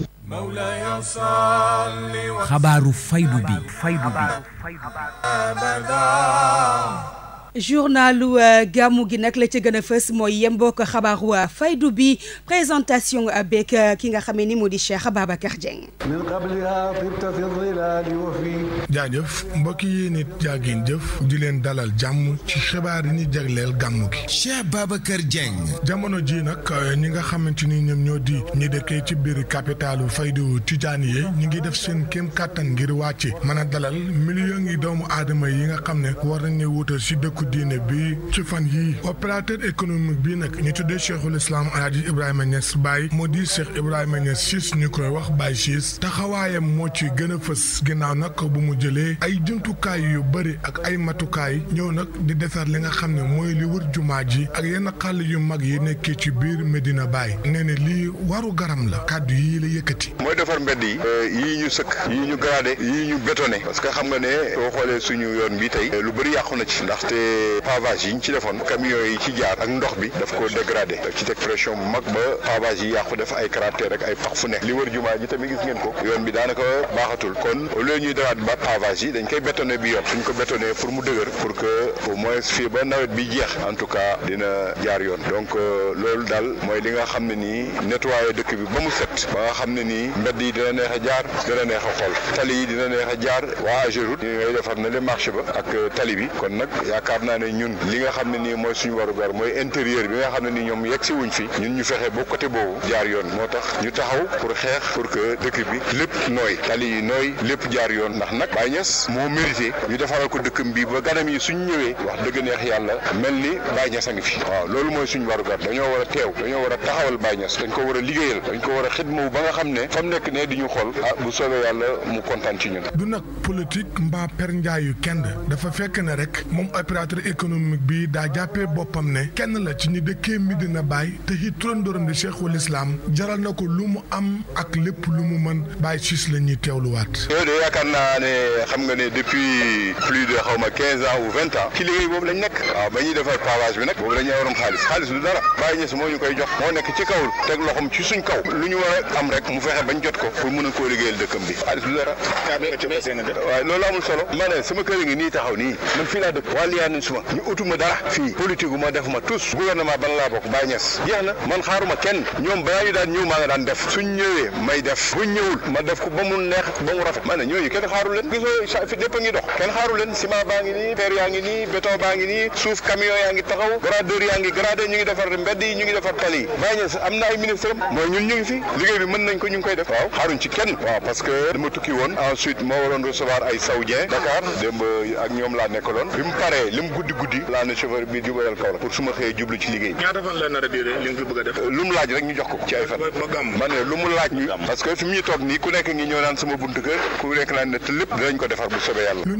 xabaaru faydu bi faydu bi journalu euh, gàmmu gi nag la ca gën a fës mooy yembook xabaaru faydu bi présentation euh, beeg euh, ki nga xamee ni mu di Cheikh Babacar Dieng. jaajëf mbokk yi nit jaagin jëf di leen dalal jàmm ci xibaar yi ñu jagleel gàmmu gi. Cheikh Babacar Dieng. jamono ji nag ñi nga xamante ni ñoom ñoo di ñi dëkkee ci biir capitalu faydu tijaan yi ñu ngi def seen kéem kàttan ngir wàcce mën a dalal millions yi doomu aadama yi nga xam ne war nañ ne wutal si dëkk kilifaku diine bi ci fan yii opérateur économique bi nag ñu tuddee cheikhul islam alaaji Ibrahima Niass Baye moo di cheikh Ibrahima Niass siis ñu koy wax baay siis taxawaayam moo ci gën a fës ginnaaw nag bu mu jëlee ay jumtukaay yu bëri ak ay matukaay ñëw nag di defar li nga xam ne mooy li wër jumaa ji ak yenn xàll yu mag yi nekkee ci biir Medina Baye nee na lii waru garam la kàddu yi la yëkkati. mooy defar mbedd yi. Euh, yii ñu sëkk yii ñu gradé yii ñu bétonné parce que xam nga ne pavage yi ñu ci defoon camion yi ci jaar ak ndox bi daf ko dégradé daf ci teg pression bu mag ba pavage yi yàqu def ay cratère rek ay pax fu ne li wër jumaa ji tamit gis ngeen ko yoon bi daanaka baaxatul kon au ñuy daraat ba pavage yi dañ koy bétonné bi yoon suñ ko bétonné pour mu dëgër pour que au fii ba nawet bi jeex en tout cas dina jaar yoon donc euh, loolu daal mooy li nga xam ne nii nettoyé dëkk bi ba mu set ba nga xam ne nii mbedd yi dina neex a jaar dina neex a xool dina neex a jaar waa Ageroute ñu ngay defar na le marché ba ak tali bi yaakaar naa ne ñun li nga xam ne nii mooy suñu warugar mooy intérieur bi nga xam ne nii ñoom yegg fi ñun ñu fexe ba boobu jaar yoon moo tax ñu taxaw pour xeex pour que dëkk bi lépp nooy tali yi nooy lépp jaar yoon ndax nag Baye Niass moo mérité ñu defaral ko dëkkam bi ba ganam yi suñ ñëwee wax dëgg neex yàlla mel ni Baye Niass a ngi fi waaw loolu mooy suñu warugar dañoo war a teew dañoo war a taxawal Baye Niass dañ ko war a liggéeyal dañ ko war a xidmaw ba nga xam ne fa mu nekk ne di ñu xool ah bu soobee yàlla mu kontaan ci ñun du nag politique mbaa per njaayu kenn ne rek cadre économique bi daa jàppee boppam ne kenn la ci ñi dëkkee Medina Baye te it turandoram di Cheikhul jaral na ko lu mu am ak lépp lu mu mën Baye Ciss la ñuy teewluwaat. yooyu de yaakaar naa ne xam nga ne depuis plus de xaw ma quinze ans ou vingt ans. ci liggéey boobu lañ nekk. waaw ba ñuy defar pavage bi nag. boobu dañuy waroon xaalis xaalis du dara. Baye Niass moo ñu koy jox moo nekk ci kaw teg loxoom ci suñ kaw. lu ñu war a am rek mu fexe bañ jot ko pour mën a koo liggéeyal dëkkam bi. xaalis du dara. waaw solo. ma ne sama kër gi nii nañ suma ñu utuma dara fii politique def ma tous gouvernement ban laa bokk Baye Niass na man xaaruma kenn ñoom balaa ñu daan ñëw maa nga daan def suñ ñëwee may def buñ ñëwul ma def ko ba mu neex ba mu rafet ma ne ñooñu kenn xaaru leen gisoo fi lépp a ngi dox kenn xaaru leen baa ngi nii fer yaa ngi nii béton baa ngi nii suuf camion yaa ngi taxaw gradeur yaa ngi gradé ñu ngi defar mbedd ñu ngi defar tali yi am na ay ministre mooy ñun ñu mu guddi guddi laa ne chauffeur bi jubalal kaw la pour euh, lu ñu ne lu mu laaj ñu parce que fi mu ñu toog nii ku nekk ngi ñëw naan sama buntu kër ku nekk naan ne te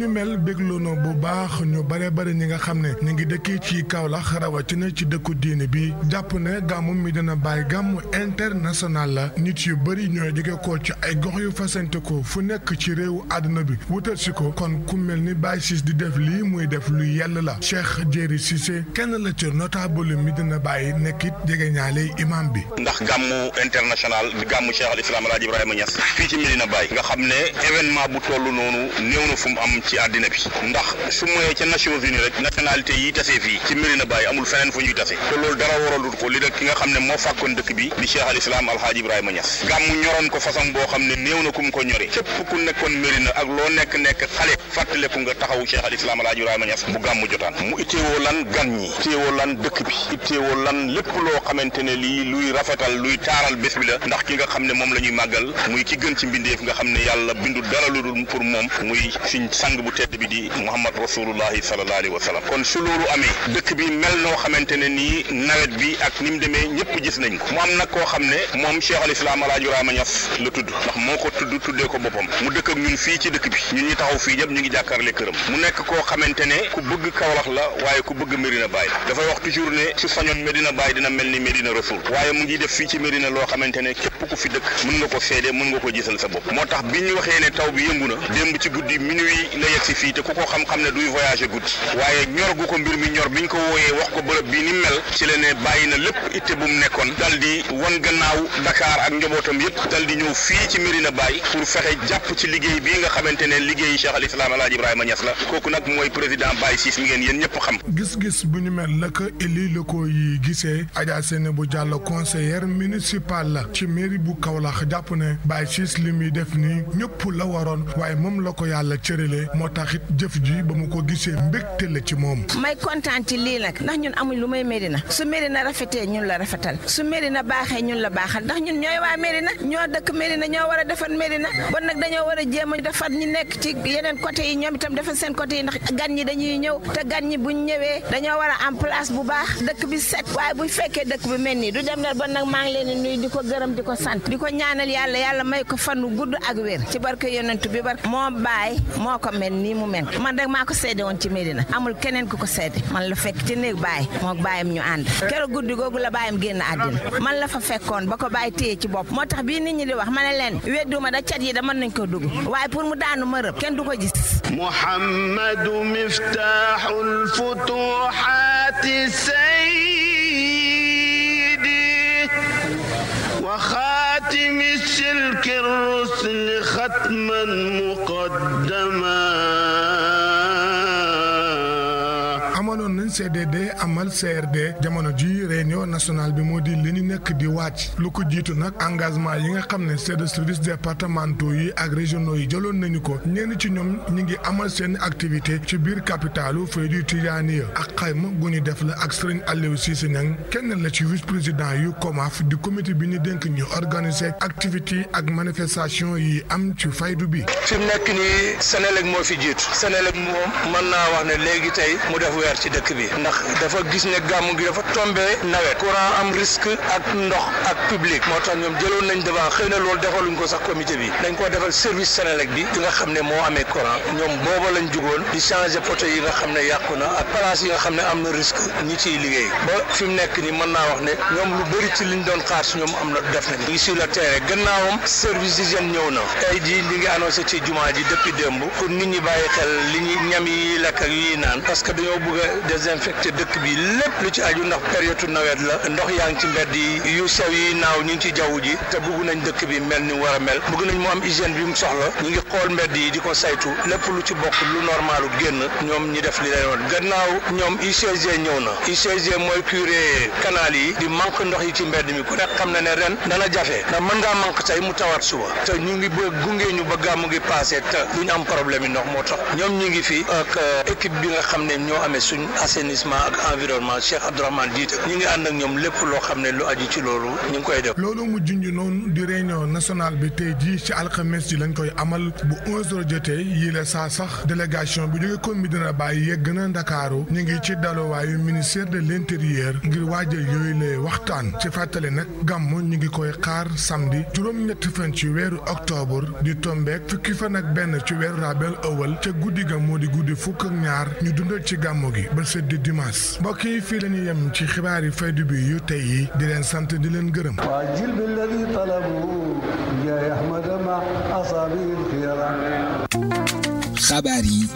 mel bégloonoo bu baax ñu bare bare ñi nga xam ne ñu ngi dëkkee ci Kaolack rawatina ci dëkku diine bi jàpp ne gàmmu mi dina bàyyi gàmmu international la nit yu bari ñooy jóge ko ci ay gox yu fasante ko fu nekk ci réewu àdduna bi wutal si ko kon ku mel ni Baye Ciss di def lii muy def lu yàlla kenn la Cheikh Diéry Cissé kenn la ci notable Medina Baye nekkit jege ñaale imam bi. ndax gàmmu international di gàmmu Cheikh al Islam El Hadj Ibrahima Niass fii ci Medina Baye nga xam ne événement bu toll noonu néew na fu mu am ci àddina bi ndax su moyee ca Nations Unies rek nationalité yi tase fii ci Medina Baye ko li rek nga xam ne moo fàkkoon dëkk bi di Cheikh al Islam El Hadj Ibrahima gàmmu ñoroon ko façon boo xam ne néew na ku ko ñore képp ku nekkoon Medina ak loo nekk nekk xale fàttaleku nga taxaw Cheikh al Islam El Hadj Ibrahima Niass bu gàmm gàmmu jotaan mu itteewoo lan gan ñi itteewoo lan dëkk bi itteewoo lan lépp loo xamante ne lii luy rafetal luy taaral bés la ndax ki nga xam ne moom la ñuy màggal muy ki gën ci mbindeef nga xam ne yàlla bindu dara lu dul pour moom muy siñ sang bu tedd bi di muhammad rasulullahi sallallahu alayhi wa sallam kon su loolu amee dëkk bi mel noo xamante ne nii nawet bi ak ni mu demee ñëpp gis nañ ko mu am nag koo xam ne moom cheikh al islam alaaji Ibrahima Ñas la tudd ndax moo ko tudd tuddee ko boppam mu dëkk ak fii ci dëkk bi ñun taxaw fii ngi jàkkaarle këram mu bëgg Kaolack la waaye ku bëgg Medina Baye dafay wax toujours ne su sañoon Medina Baye dina mel ni Medina Rasul waaye mu ngi def fii ci Medina loo xamante ne képp ku fi dëkk mën nga ko seede mën nga ko gisal sa bopp moo tax bi ñu waxee ne taw bi yëngu na démb ci guddi minuit la yegg si fii te ku ko xam-xam ne duy voyager guddi waaye ñor gu ko mbir mi ñor biñ ko wooyee wax ko bërëb bii ni mel ci la ne bàyyi na lépp itte bu mu nekkoon dal di wan gannaaw Dakar ak njabootam yëpp dal di ñëw fii ci Medina Baye pour fexe jàpp ci liggéey bii nga xamante ne liggéey Cheikh al Islam El Hadj Ibrahima Niass la xam gis-gis bu ñu mel nag éli la ko yi gisee Adja Seynabou Diallo conseillère municipale la ci mairie bu Kaolack jàpp ne Baye Ciss li muy def nii ñëpp la waroon waaye moom la ko yàlla cëralee moo tax it jëf ji ba mu ko gisee mbégte la ci moom may kontaan ci lii nag ndax ñun amuñ lu may na su na rafetee ñun la rafetal su na baaxee ñun la baaxal ndax ñun ñooy waa Médina ñoo dëkk na ñoo war a defar na bon nag dañoo war jéem a defar ñi nekk ci yeneen côté yi ñoom itam seen côté yi ndax gan ñi dañuy ñëw te gan ñi buñ ñëwee dañoo war a am place bu baax dëkk bi set waaye bu fekkee dëkk bi mel nii du dem nag bon nag maa ngi leen di nuyu di ko gërëm di ko sant di ko ñaanal yàlla yàlla may ko fan wu gudd ak wér ci barke yonent bi barke moo baay moo ko mel nii mu mel man rek maa ko seede woon ci Medina amul keneen ku ko seede man la fekk ci néeg baay moo baayam ñu ànd keroog guddi googu la baayam génn àddina man la fa fekkoon ba ko baay téye ci bop moo tax bii nit ñi di wax ma ne leen wedduma da yi da mën nañ ko dugg waaye kenn du ko gis محمد مفتاح الفتوحات سيدي وخاتم السلك الرسل ختما مقدما yeneen CDD amal CRD jamono ji réunion nationale bi moo di li ñu nekk di wàcc lu ko jiitu nag engagement yi nga xam ne chefs de service départementaux yi ak régionaux yi jëloon nañu ko ñenn ci ñoom ñu ngi amal seen activité ci biir capitalu Fayda Tijaaniya ak xayma gu ñu def la ak Serigne Aliou si Niang kenn la ci vice président yu COMAF di comité bi ñu dénk ñu organiser activité ak manifestation yi am ci faydu bi. fi mu nekk nii Sénélec moo fi jiitu Sénélec bi ndax dafa gis ne gàmmu gi dafa tombé nawet courant am risque ak ndox ak public moo tax ñoom jëloon nañ devant xëy na loolu defaluñ ko sax comité bi dañ koo defal service Senelec bi bi nga xam ne moo amee courant ñoom booba lañ jugoon di changer poteau yi nga xam ne yàqu na ak place yi nga xam ne am na risque ñu ciy liggéey ba fi mu nekk ni mën naa wax ne ñoom lu bëri ci liñ doon xaar si ñoom am na def nañ ngi sur le terrain gannaawam service d'hygiène ñëw li ngi annoncé ci jumaa ji depuis démb pour nit ñi bàyyi xel li ñuy ñam yi lekk ak désinfecté dëkk bi lépp lu ci aju ndax période nawet la ndox yaa ngi ci mbedd yi yu sew yi naaw ñu ngi ci jaww ji te bëgg nañ dëkk bi mel ni war a mel bëgg nañ mu am hygiène bi mu soxla ñu ngi xool mbedd yi di ko saytu lépp lu ci bokk lu normalu génn ñoom ñi def li leen woon gannaaw ñoom UCG ñëw na UCG mooy curé canal yi di manque ndox yi ci mbedd mi ku nekk xam na ne ren dana jafe ndax mën ngaa manque tey mu tawaat suba te ñu ngi bëgg gunge ñu ba gàmmu assainissement ak environnement Cheikh Abdourahmane Diite ñu ngi ànd ak ñoom lépp loo xam ne lu aju ci loolu ñu ngi koy def. loolu mu junj noonu di réunion national bi tey jii ci alxames ji lañ koy amal bu 11h jotee yii la saa sax délégation bi jógee kon bi dina bàyyi yegg na Ndakaaru ñu ngi ci dalowaayu ministère de l' intérieur ngir waajal yooyu lay waxtaan ci fàttali nag gàmmu ñu ngi koy xaar samedi juróom-ñetti fan ci weeru octobre di tombeek fukki fan ak benn ci weeru rabel awal ca guddi ga di guddi fukk ñaar ñu dundal ci gàmmu gi di dimanche mbokk yi fii la ñuy yem ci xibaar yi yu tey yi di leen sant di leen gërëm waajil bi alladi talabu ya ahmad ma asabi alxiyara xabaar yi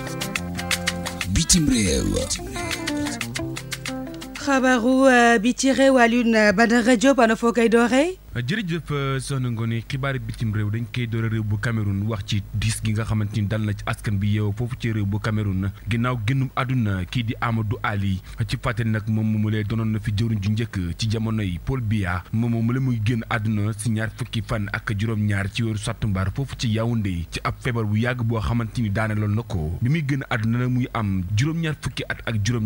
bitim réew euh, bi ci réew Alioune Badara ana foo koy dooree jërëjëf euh, soxna Ngoné xibaari bitim réew dañ koy doore réew bu Cameroun wax ci diis gi nga xamante ni dal na ci askan bi yeewoo foofu ci réew bu Cameroun ginnaaw génnum àdduna kii di Amadou Ali ci pàttali nag moom moom lay doonoon na fi jëwriñ ju njëkk ci jamono yi Paul Biya moom mu la muy génn àdduna si ñaar fukki fan ak juróom-ñaar ci weeru sàttumbar foofu ci Yaoundé ci ab feebar bu yàgg boo xamante ni daaneloon na ko bi muy génn àdduna nag muy am juróom fukki at ak juróom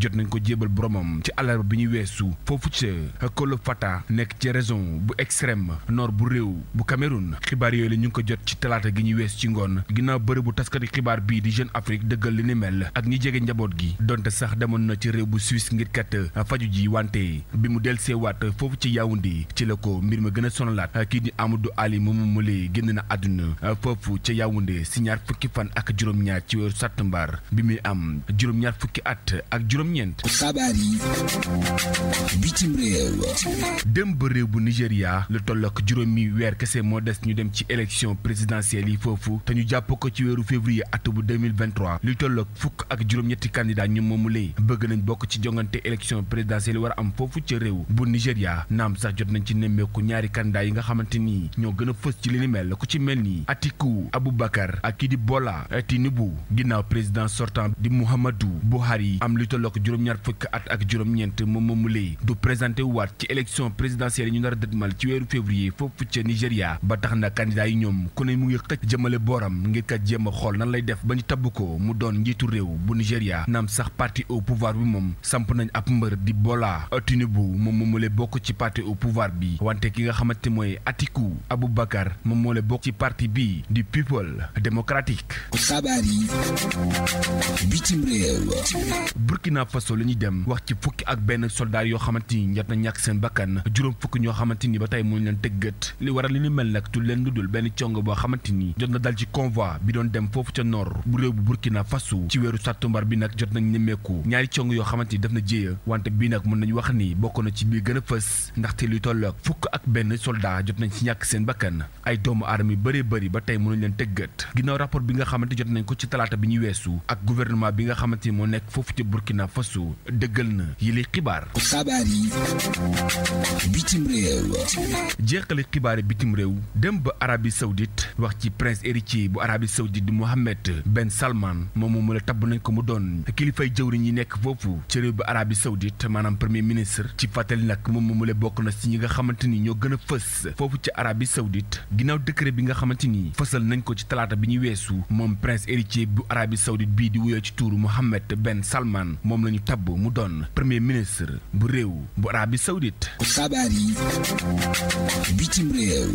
jot nañ ko jébal boromam ci àllarba bi ñu weesu foofu ca Kolofata nekk ci raison bu extrême nord bu réew bu Cameroun xibaar yooyu la ñu ngi ko jot ci talaata gi ñuy wees ci ngoon ginnaaw bërëb bu taskati xibaar bii di Jeune Afrique dëggal li mel ak ñi jege njaboot gi donte sax demoon na ci réew bu Suisse ngir kat faju ji wante bi mu del seewaat foofu ci Yaoundé ci la ko mbir ma gën a sonalaat kii di Amadou Ali moomu mule génn na àdduna foofu ca Yaoundé si ñaar fukki fan ak juróom-ñaar ci weeru sàttumbar bi muy am juróom-ñaar fukki at ak juróom-ñeent xabaar yi bitim Nigéria lu toll ak juróomi weer kese moo des ñu dem ci élection présidentielle yi foofu te ñu jàpp ko ci weeru février at bu 2023 lu fukk ak juróom-ñetti candidat ñu moomu bëgg nañ bokk ci jongante élection présidentielle war a am foofu ca réew bu Nigéria naam sax jot nañ ci nemmeeku ñaari candidat yi nga xamante ñoo gën a fës ci li ni mel ku ci mel ni Atiku Abubakar ak kii di Bola Tinubu ginnaaw président sortant di Muhammadu Buhari am a dëgmal ci weeru février foofu ca Nigéria ba tax na candidat yi ñoom ku ne mu ngi xëcc jëmale booram ngir kat a xool nan lay def ba ñu tabb ko mu doon njiitu réew bu Nigéria naam sax parti au pouvoir bi moom samp nañ ab mbër di Bola Tinubu moom moo leen bokk ci parti au bi wante ki nga xamante mooy Atiku Abubakar moom moo leen bokk ci parti bi du People Démocratique. xabaar yi bitim réew. Burkina Faso la ñuy dem wax ci fukki ak benn soldat yoo xamante ni xamante ni ba tey mënuñ leen tëggat li waral li ni mel nag tul leen lu dul benn cong boo xamante ni jot na dal ci convoi bi doon dem foofu ca nord bu réew bu Burkina Faso ci weeru sàttumbar bi nag jot nañ nemmeeku ñaari cong yoo xamante ni def na jéeya wante bii nag mën nañu wax ni bokk na ci biir gën a fës ndaxte lu tolloog fukk ak benn soldat jot nañ ci ñàkk seen bakkan ay doomu arme yu bëree bëri ba tey mënuñ leen tëggat ginnaaw bi nga xamante moo nekk foofu ca Burkina Faso dëggal na yi li xibaar bitim réew jeexale xibaari bitim réew dem ba Arabie Saoudite wax ci prince héritier bu Arabie Saoudite di Mohammed benn Salman moom moom la tabb nañ ko mu doon kilifay jëwriñ yi nekk foofu ci réew bu Arabie Saoudite maanaam premier ministre ci fàttali nag moom moom la bokk na si ñi nga xamante ni ñoo gën a fës foofu ci Arabie Saoudite ginnaaw décret bi nga xamante ni fësal nañ ko ci talaata bi ñuy weesu moom prince héritier bu Arabie Saoudite bii di wuyoo ci tuuru Mohammed Ben Salman moom la ñu tabb mu doon premier ministre bu réew bu bitim réew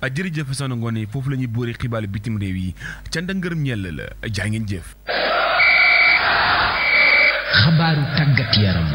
ah, jërëjëf soxna Ngoné yi cant ak ngërëm ñell la jaa ngeen jëf xabaaru tàggat yaram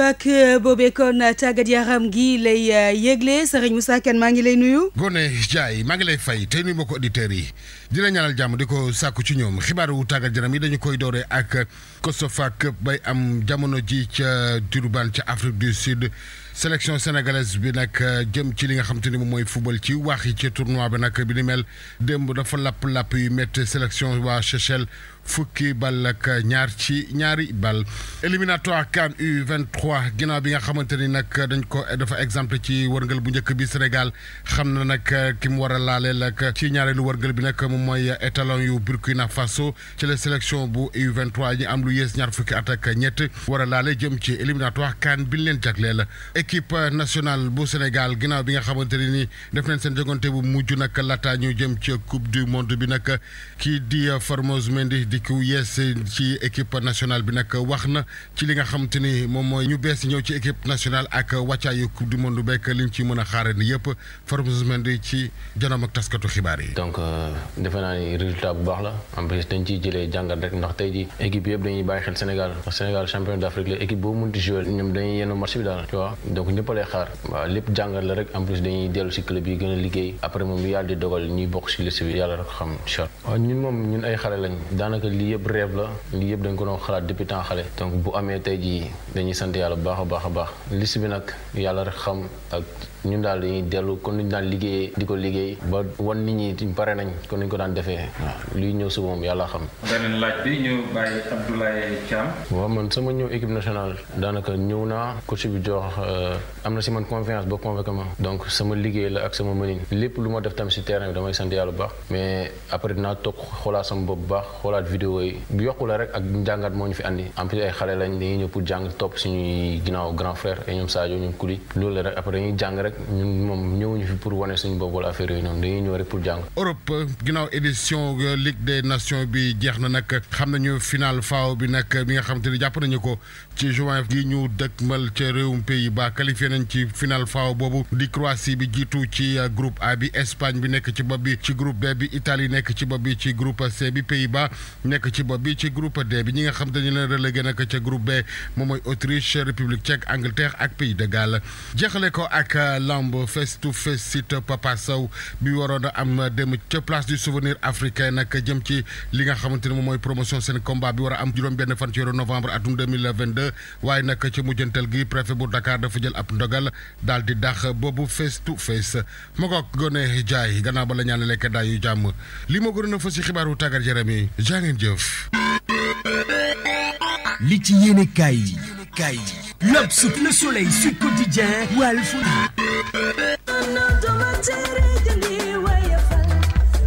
bak eh, boobee kon eh, tàggat gi lay eh, yëgle Serigne Moussa Kane maa ngi lay nuyu. Ngoné Ndiaye maa ngi lay fay tey nuyu mbokki auditeurs yi dina ñaanal jàmm di ko sàkku ci ñoom xibaaru tàggat yaram yi dañu koy dooree ak Costa Cup bay am jamono ji ca Durban ca Afrique du Sud. sélection sénégalaise bi nag euh, jëm ci li nga xam te ni moom mooy football ci wax yi ci tournoi bi nag bi ni mel démb dafa lapp-lapp yu métti sélection waa Seychelles fukki bal ak ñaar ci ñaari bal éliminatoire CAN U23 ginnaaw bi nga xamante ni nag dañ ko dafa exemple ci wërngal bu njëkk bi Sénégal xam na nag ki mu war a laaleel ak ci ñaareelu wërngal bi nag moom mooy étalon yu Burkina Faso ci la sélection bu U23 ñi am lu yées ñaar fukki at ak ñett war a laale jëm ci éliminatoire CAN bi ñu leen jagleel équipe nationale bu Sénégal ginnaaw bi nga xamante ne ni def nañ seen jogante bu mujj nag laata ñu jëm ci coupe du monde bi nag kii di Formose Mendy di ku yees ci équipe nationale bi nag wax na ci li nga xam te ni moom mooy ñu bees ñëw ci équipe nationale ak wàccaayu coupe du monde bekk liñ ci mën a xaarandi yëpp Formose Mendy ci janoom ak taskatu xibaar yi. donc euh, defe naa ni résultat bu baax la en plus dañ ciy jëlee rek ndax tey ji équipe yëpp dañuy bàyyi xel Sénégal parce champion d'Afrique la équipe boobu mënti joué dañuy yenn match bi daal tu a lay xaar waaw lépp jàngat la rek en plus dañuy dellu yi gën a liggéey après moom yàlla que lii yëpp rêve la lii yëpp dañ ko doon xalaat depuis temps xale donc bu amee tey jii dañuy sant yàlla bu baax a baax a baax liste bi nag yàlla rek xam ak ñun daal dañuy dellu kon ñu daan liggéeyee di ko liggéey ba wan nit ñi duñ pare nañ kon ñu ko daan defee luy ñëw si moom yàlla xam. beneen laaj bi ñu bàyyi Abdoulaye Thiam. waaw man sama ñëw équipe nationale daanaka ñëw naa coach bi jox euh, am na si man confiance ba convaincu donc sama liggéey la ak sama mënin lépp lu ma def tam si terrain bi damay sant bu baax mais après dinaa toog xoolaat sama bopp bu baax xoolaat vidéo yi yokku la rek ak njàngat moo ñu fi andi en plus ay xale lañ dañuy ñëw pour jàng topp suñuy ginnaaw grand frère ñoom Sadio ñoom Kuli loolu la jàng rek ñun moom ñëwuñu fi pour wane suñu bopp wala affaire yooyu noonu dañuy ñëw rek pour jàng. Europe ginnaaw édition Ligue des Nations bi jeex na nag xam nañu final faw bi nag bi nga xamante ni jàpp nañu ko ci juin gi ñu dëkk dëkkmal ca réewum Pays-Bas qualifié nañ ci final faw boobu di Croatie bi jiitu ci euh, groupe A bi Espagne bi nekk ci bopp bi ci groupe B bi Italie nekk ci bopp bi ci groupe C bi pays ba nekk ci bopp bi ci groupe D bi ñi nga xam dañu leen relégué nag ca groupe B moom mooy Autriche République tchèque Angleterre ak Pays de Galles lamb face to face site Papa Sow bi waroon a am dem ca place du souvenir africain nag jëm ci li nga xamante ne moom mooy promotion seen combat bi war a am juróom-benn fan ci weeru novembre atum deux mille vingt deux waaye nag ci mujjantal gi préfet bu Dakar dafa jël ab ndogal daal di dàq boobu face to face ma ko gone jaay gannaaw ba la a lekk daay yu jàmm li ma gënoon a fa si xibaaru tàggat yaram yi jaa ngeen jëf. li ci yéene kaay L'Obs, Le Soleil, Sud Quotidien, Walf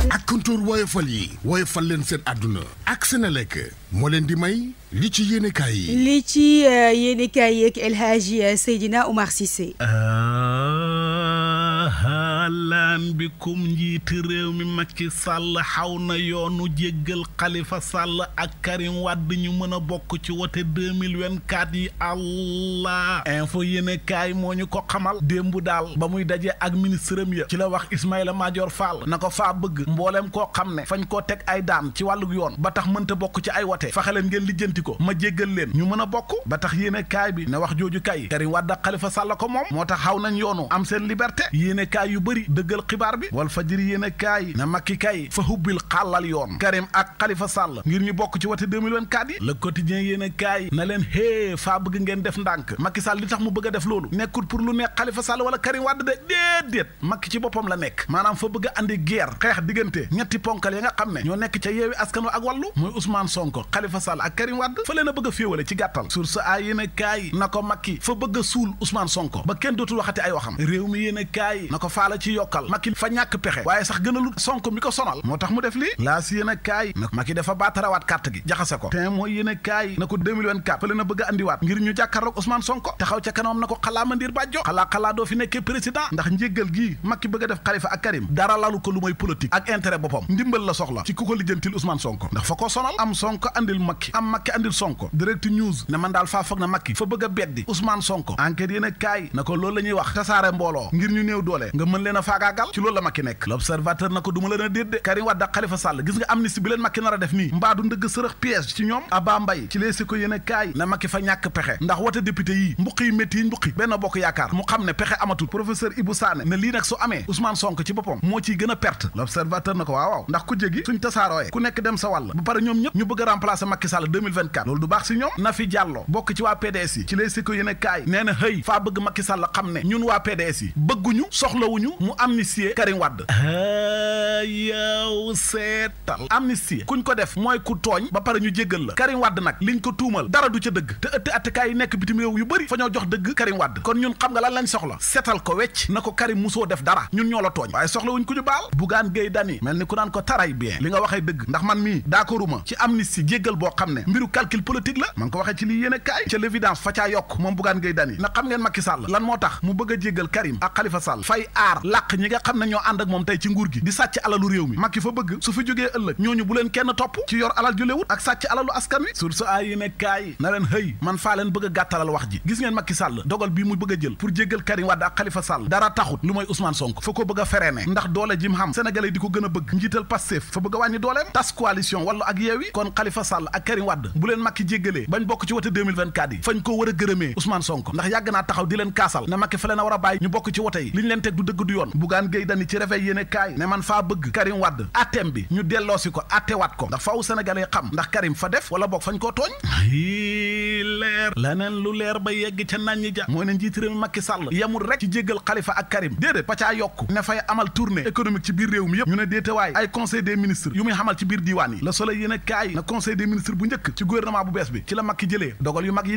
ak kontoor woyofal yi woyofal leen seen àdduna ak Senelec moo leen di may li ci yéenekaay yi li ci euh, yéenekaay yeeg El Hadji euh, Seydina Oumar Cissé ah. halaan bikum njiiti réew mi mag Macky Sall xaw na yoonu jéggal Khalifa Sall ak Karim Wade ñu mën a bokk ci wote 2024 yi allah info yéene kaay moo ñu ko xamal démb daal ba muy dajee ak ministre am ya ci la wax Ismaïla Madior faal na ko faa bëgg mbooleem koo xam ne fañ koo teg ay daan ci wàllug yoon ba tax mën te bokk ci ay wote fexe leen ngeen lijjanti ko ma jéggal leen ñu mën a bokk ba tax yéene kaay bi ne wax jooju kay Karim Wade ak Khalifa ko moom moo tax xaw nañ yoonu yéenekaay yu bëri dëggal xibaar bi wal fajiri yéenekaay na makki kay fa hubbil xàllal yoon Karim ak Khalifa Sall ngir ñu bokk ci wate 2024 yi le quotidien yéenekaay na leen hee faa bëgg ngeen def ndànk Macky Sall li tax mu bëgg a def loolu nekkul pour lu nekk Khalifa Sall wala Karim Wade de déedéet Macky ci boppam la nekk maanaam fa bëgg a andi guerre xeex diggante ñetti ponkal ya nga xam ne ñoo nekk ca yeewi askanu ak wàllu muy Ousmane Sonko Khalifa Sall ak Karim Wade fa leen a a féewale ci a a na ko faala ci yokkal Macky fa ñàkk pexe waaye sax gënalu Sonko mi ko sonal moo tax mu def li laas yéen a kaay na Macky dafa baatarawaat carte gi jaxase ko te mooy yéen a kaay na ko 2024 fële na bëgg a andiwaat ngir ñu jàkkaarloog Ousmane Sonko taxaw ca kanamam na ko xalaa mandir bàjjo xalaa xalaa doo fi nekkee président ndax njéggal gii Macky bëgg a def Khalifa ak Karim dara lalu ko lu mooy politique ak intérêt boppam ndimbal la soxla ci ku ko lijjantil Ousmane Sonko ndax fa ko sonal am Sonko andil Macky am Macky andil Sonko direct news ne man daal faa foog na Macky fa a beddi Ousmane Sonko a doole nga mën leen a faagaagal ci loolu la Macky nekk l'observateur na ko du leen a déet de Karim Wade ak Khalifa gis nga amnistie bi leen Macky nar a def nii mbaa du ndëgg sërëx piège ci ñoom Abba Mbaye ci leesi ko yéen kaay na Macky fa ñàkk pexe ndax wote député yi mbuqi yi métti yi mbuqi benn bokk yaakaar mu xam ne pexe amatul professeur Ibou Sané ne lii nag su amee Ousmane Sonko ci boppam moo ciy gën a perte l'observateur du baax si ñoom na hëy faa bëgg soxlawuñu mu amnistier Karim Wade ah, yow seetal amnistie kuñ ko def mooy ku tooñ ba pare ñu jéggal la Karim Wade nag liñ ko tuumal dara du ca dëgg te ëtti attikaay yi nekk bitim réew yu bëri fa ñoo jox dëgg Karim Wade kon ñun xam nga lan lañ soxla seetal ko wecc na ko Karim musoo def dara ñun ñoo la tooñ waaye soxlawuñ ku ñu baal Bougane Gueye Dany mel ni ku naan ko taray bien li nga waxee dëgg ndax man mii d'accorduma ci amnistie jéggal boo xam ne mbiru calcul politique la a kaay ca l'évidence na xam ngeen Macky Sall lan moo tax mu bëgg a jéggal Karim ak fay aar làq ñi nga xam ne ñoo ànd ak moom tey ci nguur gi di sàcc alalu réew mi Macky fa bëgg su fi jógee ëllëg ñooñu bu leen kenn topp ci yor alal ju ak sàcc alalu askan wi source a yi nekkaay na leen hëy man faa leen bëgg gàttalal wax ji gis ngeen Macky Sall dogal bii mu bëgg a jël pour jéggal Karim Wade ak Khalifa Sall dara taxut lu mooy Ousmane Sonko fa ko bëgg a ndax doole jim xam sénégalais di ko gën bëgg njiital Pastef fa bëgg fenteeg du dëgg du yoon Bougane Gueye Dany ci refet yéene kaay ne man faa bëgg Karim Wade atteem bi ñu delloosi ko attewaat ko ndax faaw sénégalais xam ndax Karim fa def wala boog fañ koo tooñ leer laneen lu leer ba yegg ca nañ ja mooy ne njiit réew mi ci biir réew mi yëpp ñu ne déetewaay ay conseil des ministres yu muy xamal ci biir diiwaan yi Le Soleil yéene na conseil des ministres bu njëkk ci gouvernement bu bees bi ci la Macky jëlee dogal yu mag yi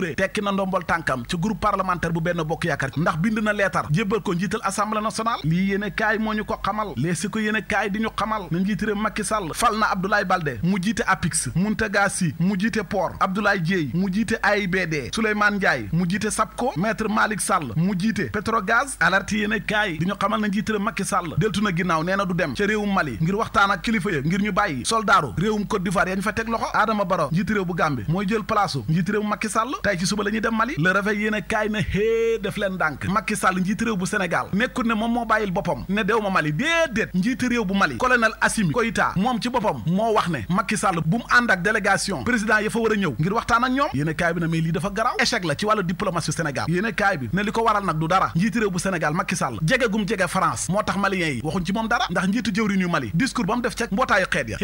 Touré tekki na ndombol tànkam ci groupe parlementaire bu benn bokk yaakaar ndax bind na leetar jébbal ko njiital assemblée nationale lii yéen kaay moo ñu ko xamal leesi ko yéen kaay di ñu xamal na njiit réew Macky fal na Abdoulaye Balde mu jiite APIX Mountaga Sy mu jiite port Abdoulaye Dièye mu jiite AIBD Souleymane Ndiaye mu jiite SAPCO maître Malick Sall mu jiite Petrogaz alerte yéen kaay di ñu xamal na njiit réew Macky deltu na ginnaaw nee n du dem ca réewum Mali ngir waxtaan ak kilifa ya ñu bàyyi soldaaru réewum Côte d'Ivoire yañ fa teg loxo Adama Barrow njiit réew bu Gambie mooy jël place njiit réew Macky tey ci suba la ñuy dem Mali le réveil yéen a kaay na hée def leen dànk Macky Sall njiit réew bu Sénégal nekkul ne moom moo bàyyil boppam ne dew ma Mali déedéet njiit réew bu Mali colonel Assimi Koïta moom ci boppam moo wax ne Macky Sall bu mu ànd ak délégation président ya fa war a ñëw ngir waxtaan ak ñoom yéen kaay bi ne mais lii dafa garaaw échec la ci wàllu diplomatie Sénégal yéen kaay bi ne li ko waral nag du dara njiit réew bu Sénégal Macky Sall jege gum jege moo tax maliens yi waxuñ ci moom dara ndax njiitu jëwriñu Mali discours ba mu def ca mbootaayu xeet ya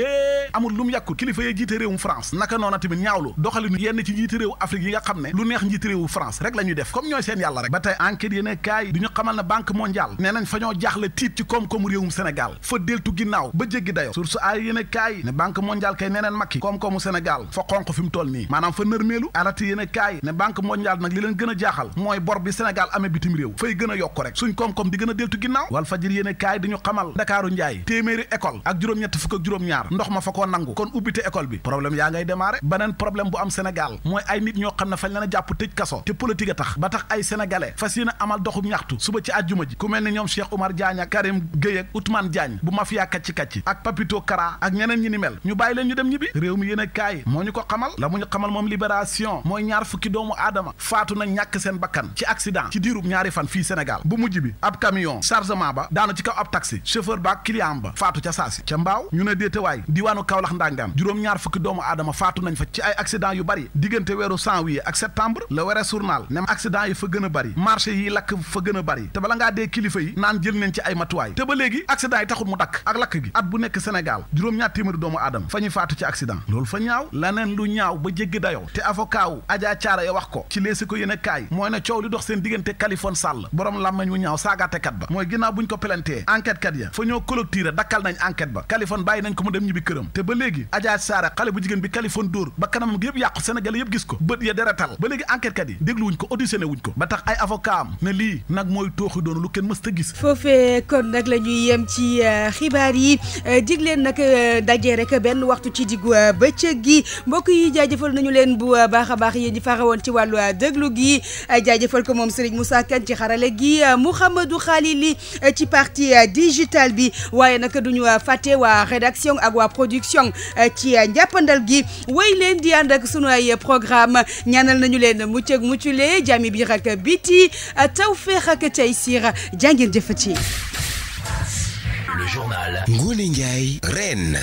amul lu mu yàkkul kilifa yee naka noona tamit ñaawlu doxalinu yenn ci njiiti réew Afrique yi nga xam xam ne lu neex njiit réewu France rek la def comme ñooy seen yàlla rek ba tey enquête yéen du ñu xamal ne banque mondiale nee nañ fa ñoo jaaxle tiit ci koom koom-koomu Sénégal fa xonq nii maanaam fa nërmeelu alati yéen ne banque mondiale nag li leen gën a jaaxal mooy bor bi Sénégal amee bitim réew fay gën a yokk rek suñ koom-koom di gën deltu ginnaaw wal fajir yéen kaay ñu xamal Ndakaaru njaay téeméeri école ak juróom-ñett fukk ak juróom ma fa koo fañ la na jàpp tëj kaso te politique a tax ba tax ay sénégalais fas yéene amal doxub ñaxtu suba ci àjjuma ji ku mel ni ñoom Cheikh Oumar Diagne ak Karim Gueye ak Ousmane bu mafia kacci kacci ak Papito Kara ak ñeneen ñi ni mel ñu bàyyi leen ñu dem ñibbi réew mi yéene kaay moo ñu ko xamal la mu ñu xamal moom libération mooy ñaar fukki doomu aadama faatu nañ ñàkk seen bakkan ci accident ci diirub ñaari fan fii Sénégal bu mujj bi ab camion chargement ba daanu ci kaw ab taxi chauffeur ba client ba faatu ca saasi ca mbaaw ñu ne déetewaay diwaanu Kaolack ndàngaam juróom ñaar fukki doomu aadama faatu nañ fa ci ay accident yu bari diggante ak septembre la wara journal ne accident yi fa gën a bari marché yi lakk fa gën a bari te bala ngaa dee kilifa yi naan jël nañ ci ay matuwaay te ba léegi accident yi taxul mu dakk ak lakk gi at bu nekk Sénégal juróom-ñaar téeméeri doomu aadama fa ñu faatu ci accident loolu fa ñaaw laneen lu ñaaw ba jéggi dayoo te avocat wu Adja Thiara ya wax ko ci leesi ko yéen a kaay mooy ne coow li dox seen diggante Kaliphone Sall borom làmmañ wu ñaaw saagaatekat ba mooy ginnaaw buñ ko plantee enquête kat fa ñoo clôturer dakkal nañ enquête ba Kaliphone ko mu dem ñibbi këram te ba léegi Adja Thiara xale jigéen bi Kaliphone dóor ba kanamam gi yëpp yàqu Sénégal yëpp gis ko bët ya deret rafetal ba léegi enquêtekat yi déglu wuñ ko auditionné wuñ ko ba tax ay avocat am ne lii nag mooy tooxi doon lu kenn mës gis foofee kon nag la yem ci euh, xibaar yi euh, dig leen nag euh, dajee rek benn waxtu ci diggu bëccëg gi mbokk yi jaajëfal nañu leen bu baaxa baax yéen ñi farawoon ci wàllu déglu gi jaajëfal ko moom Serigne Moussa Kane ci xarale gi Mouhamadou Khalili ci partie digitale bi waaye nag duñu fàtte waa rédaction ak waa production ci njàppandal gi wéy leen ñaanal nañu leen mucc ak mucculee jàmmi biir ak biti tawféex ak taysiir jàngeen jëfati. Le journal Ngoné Ndiaye Reine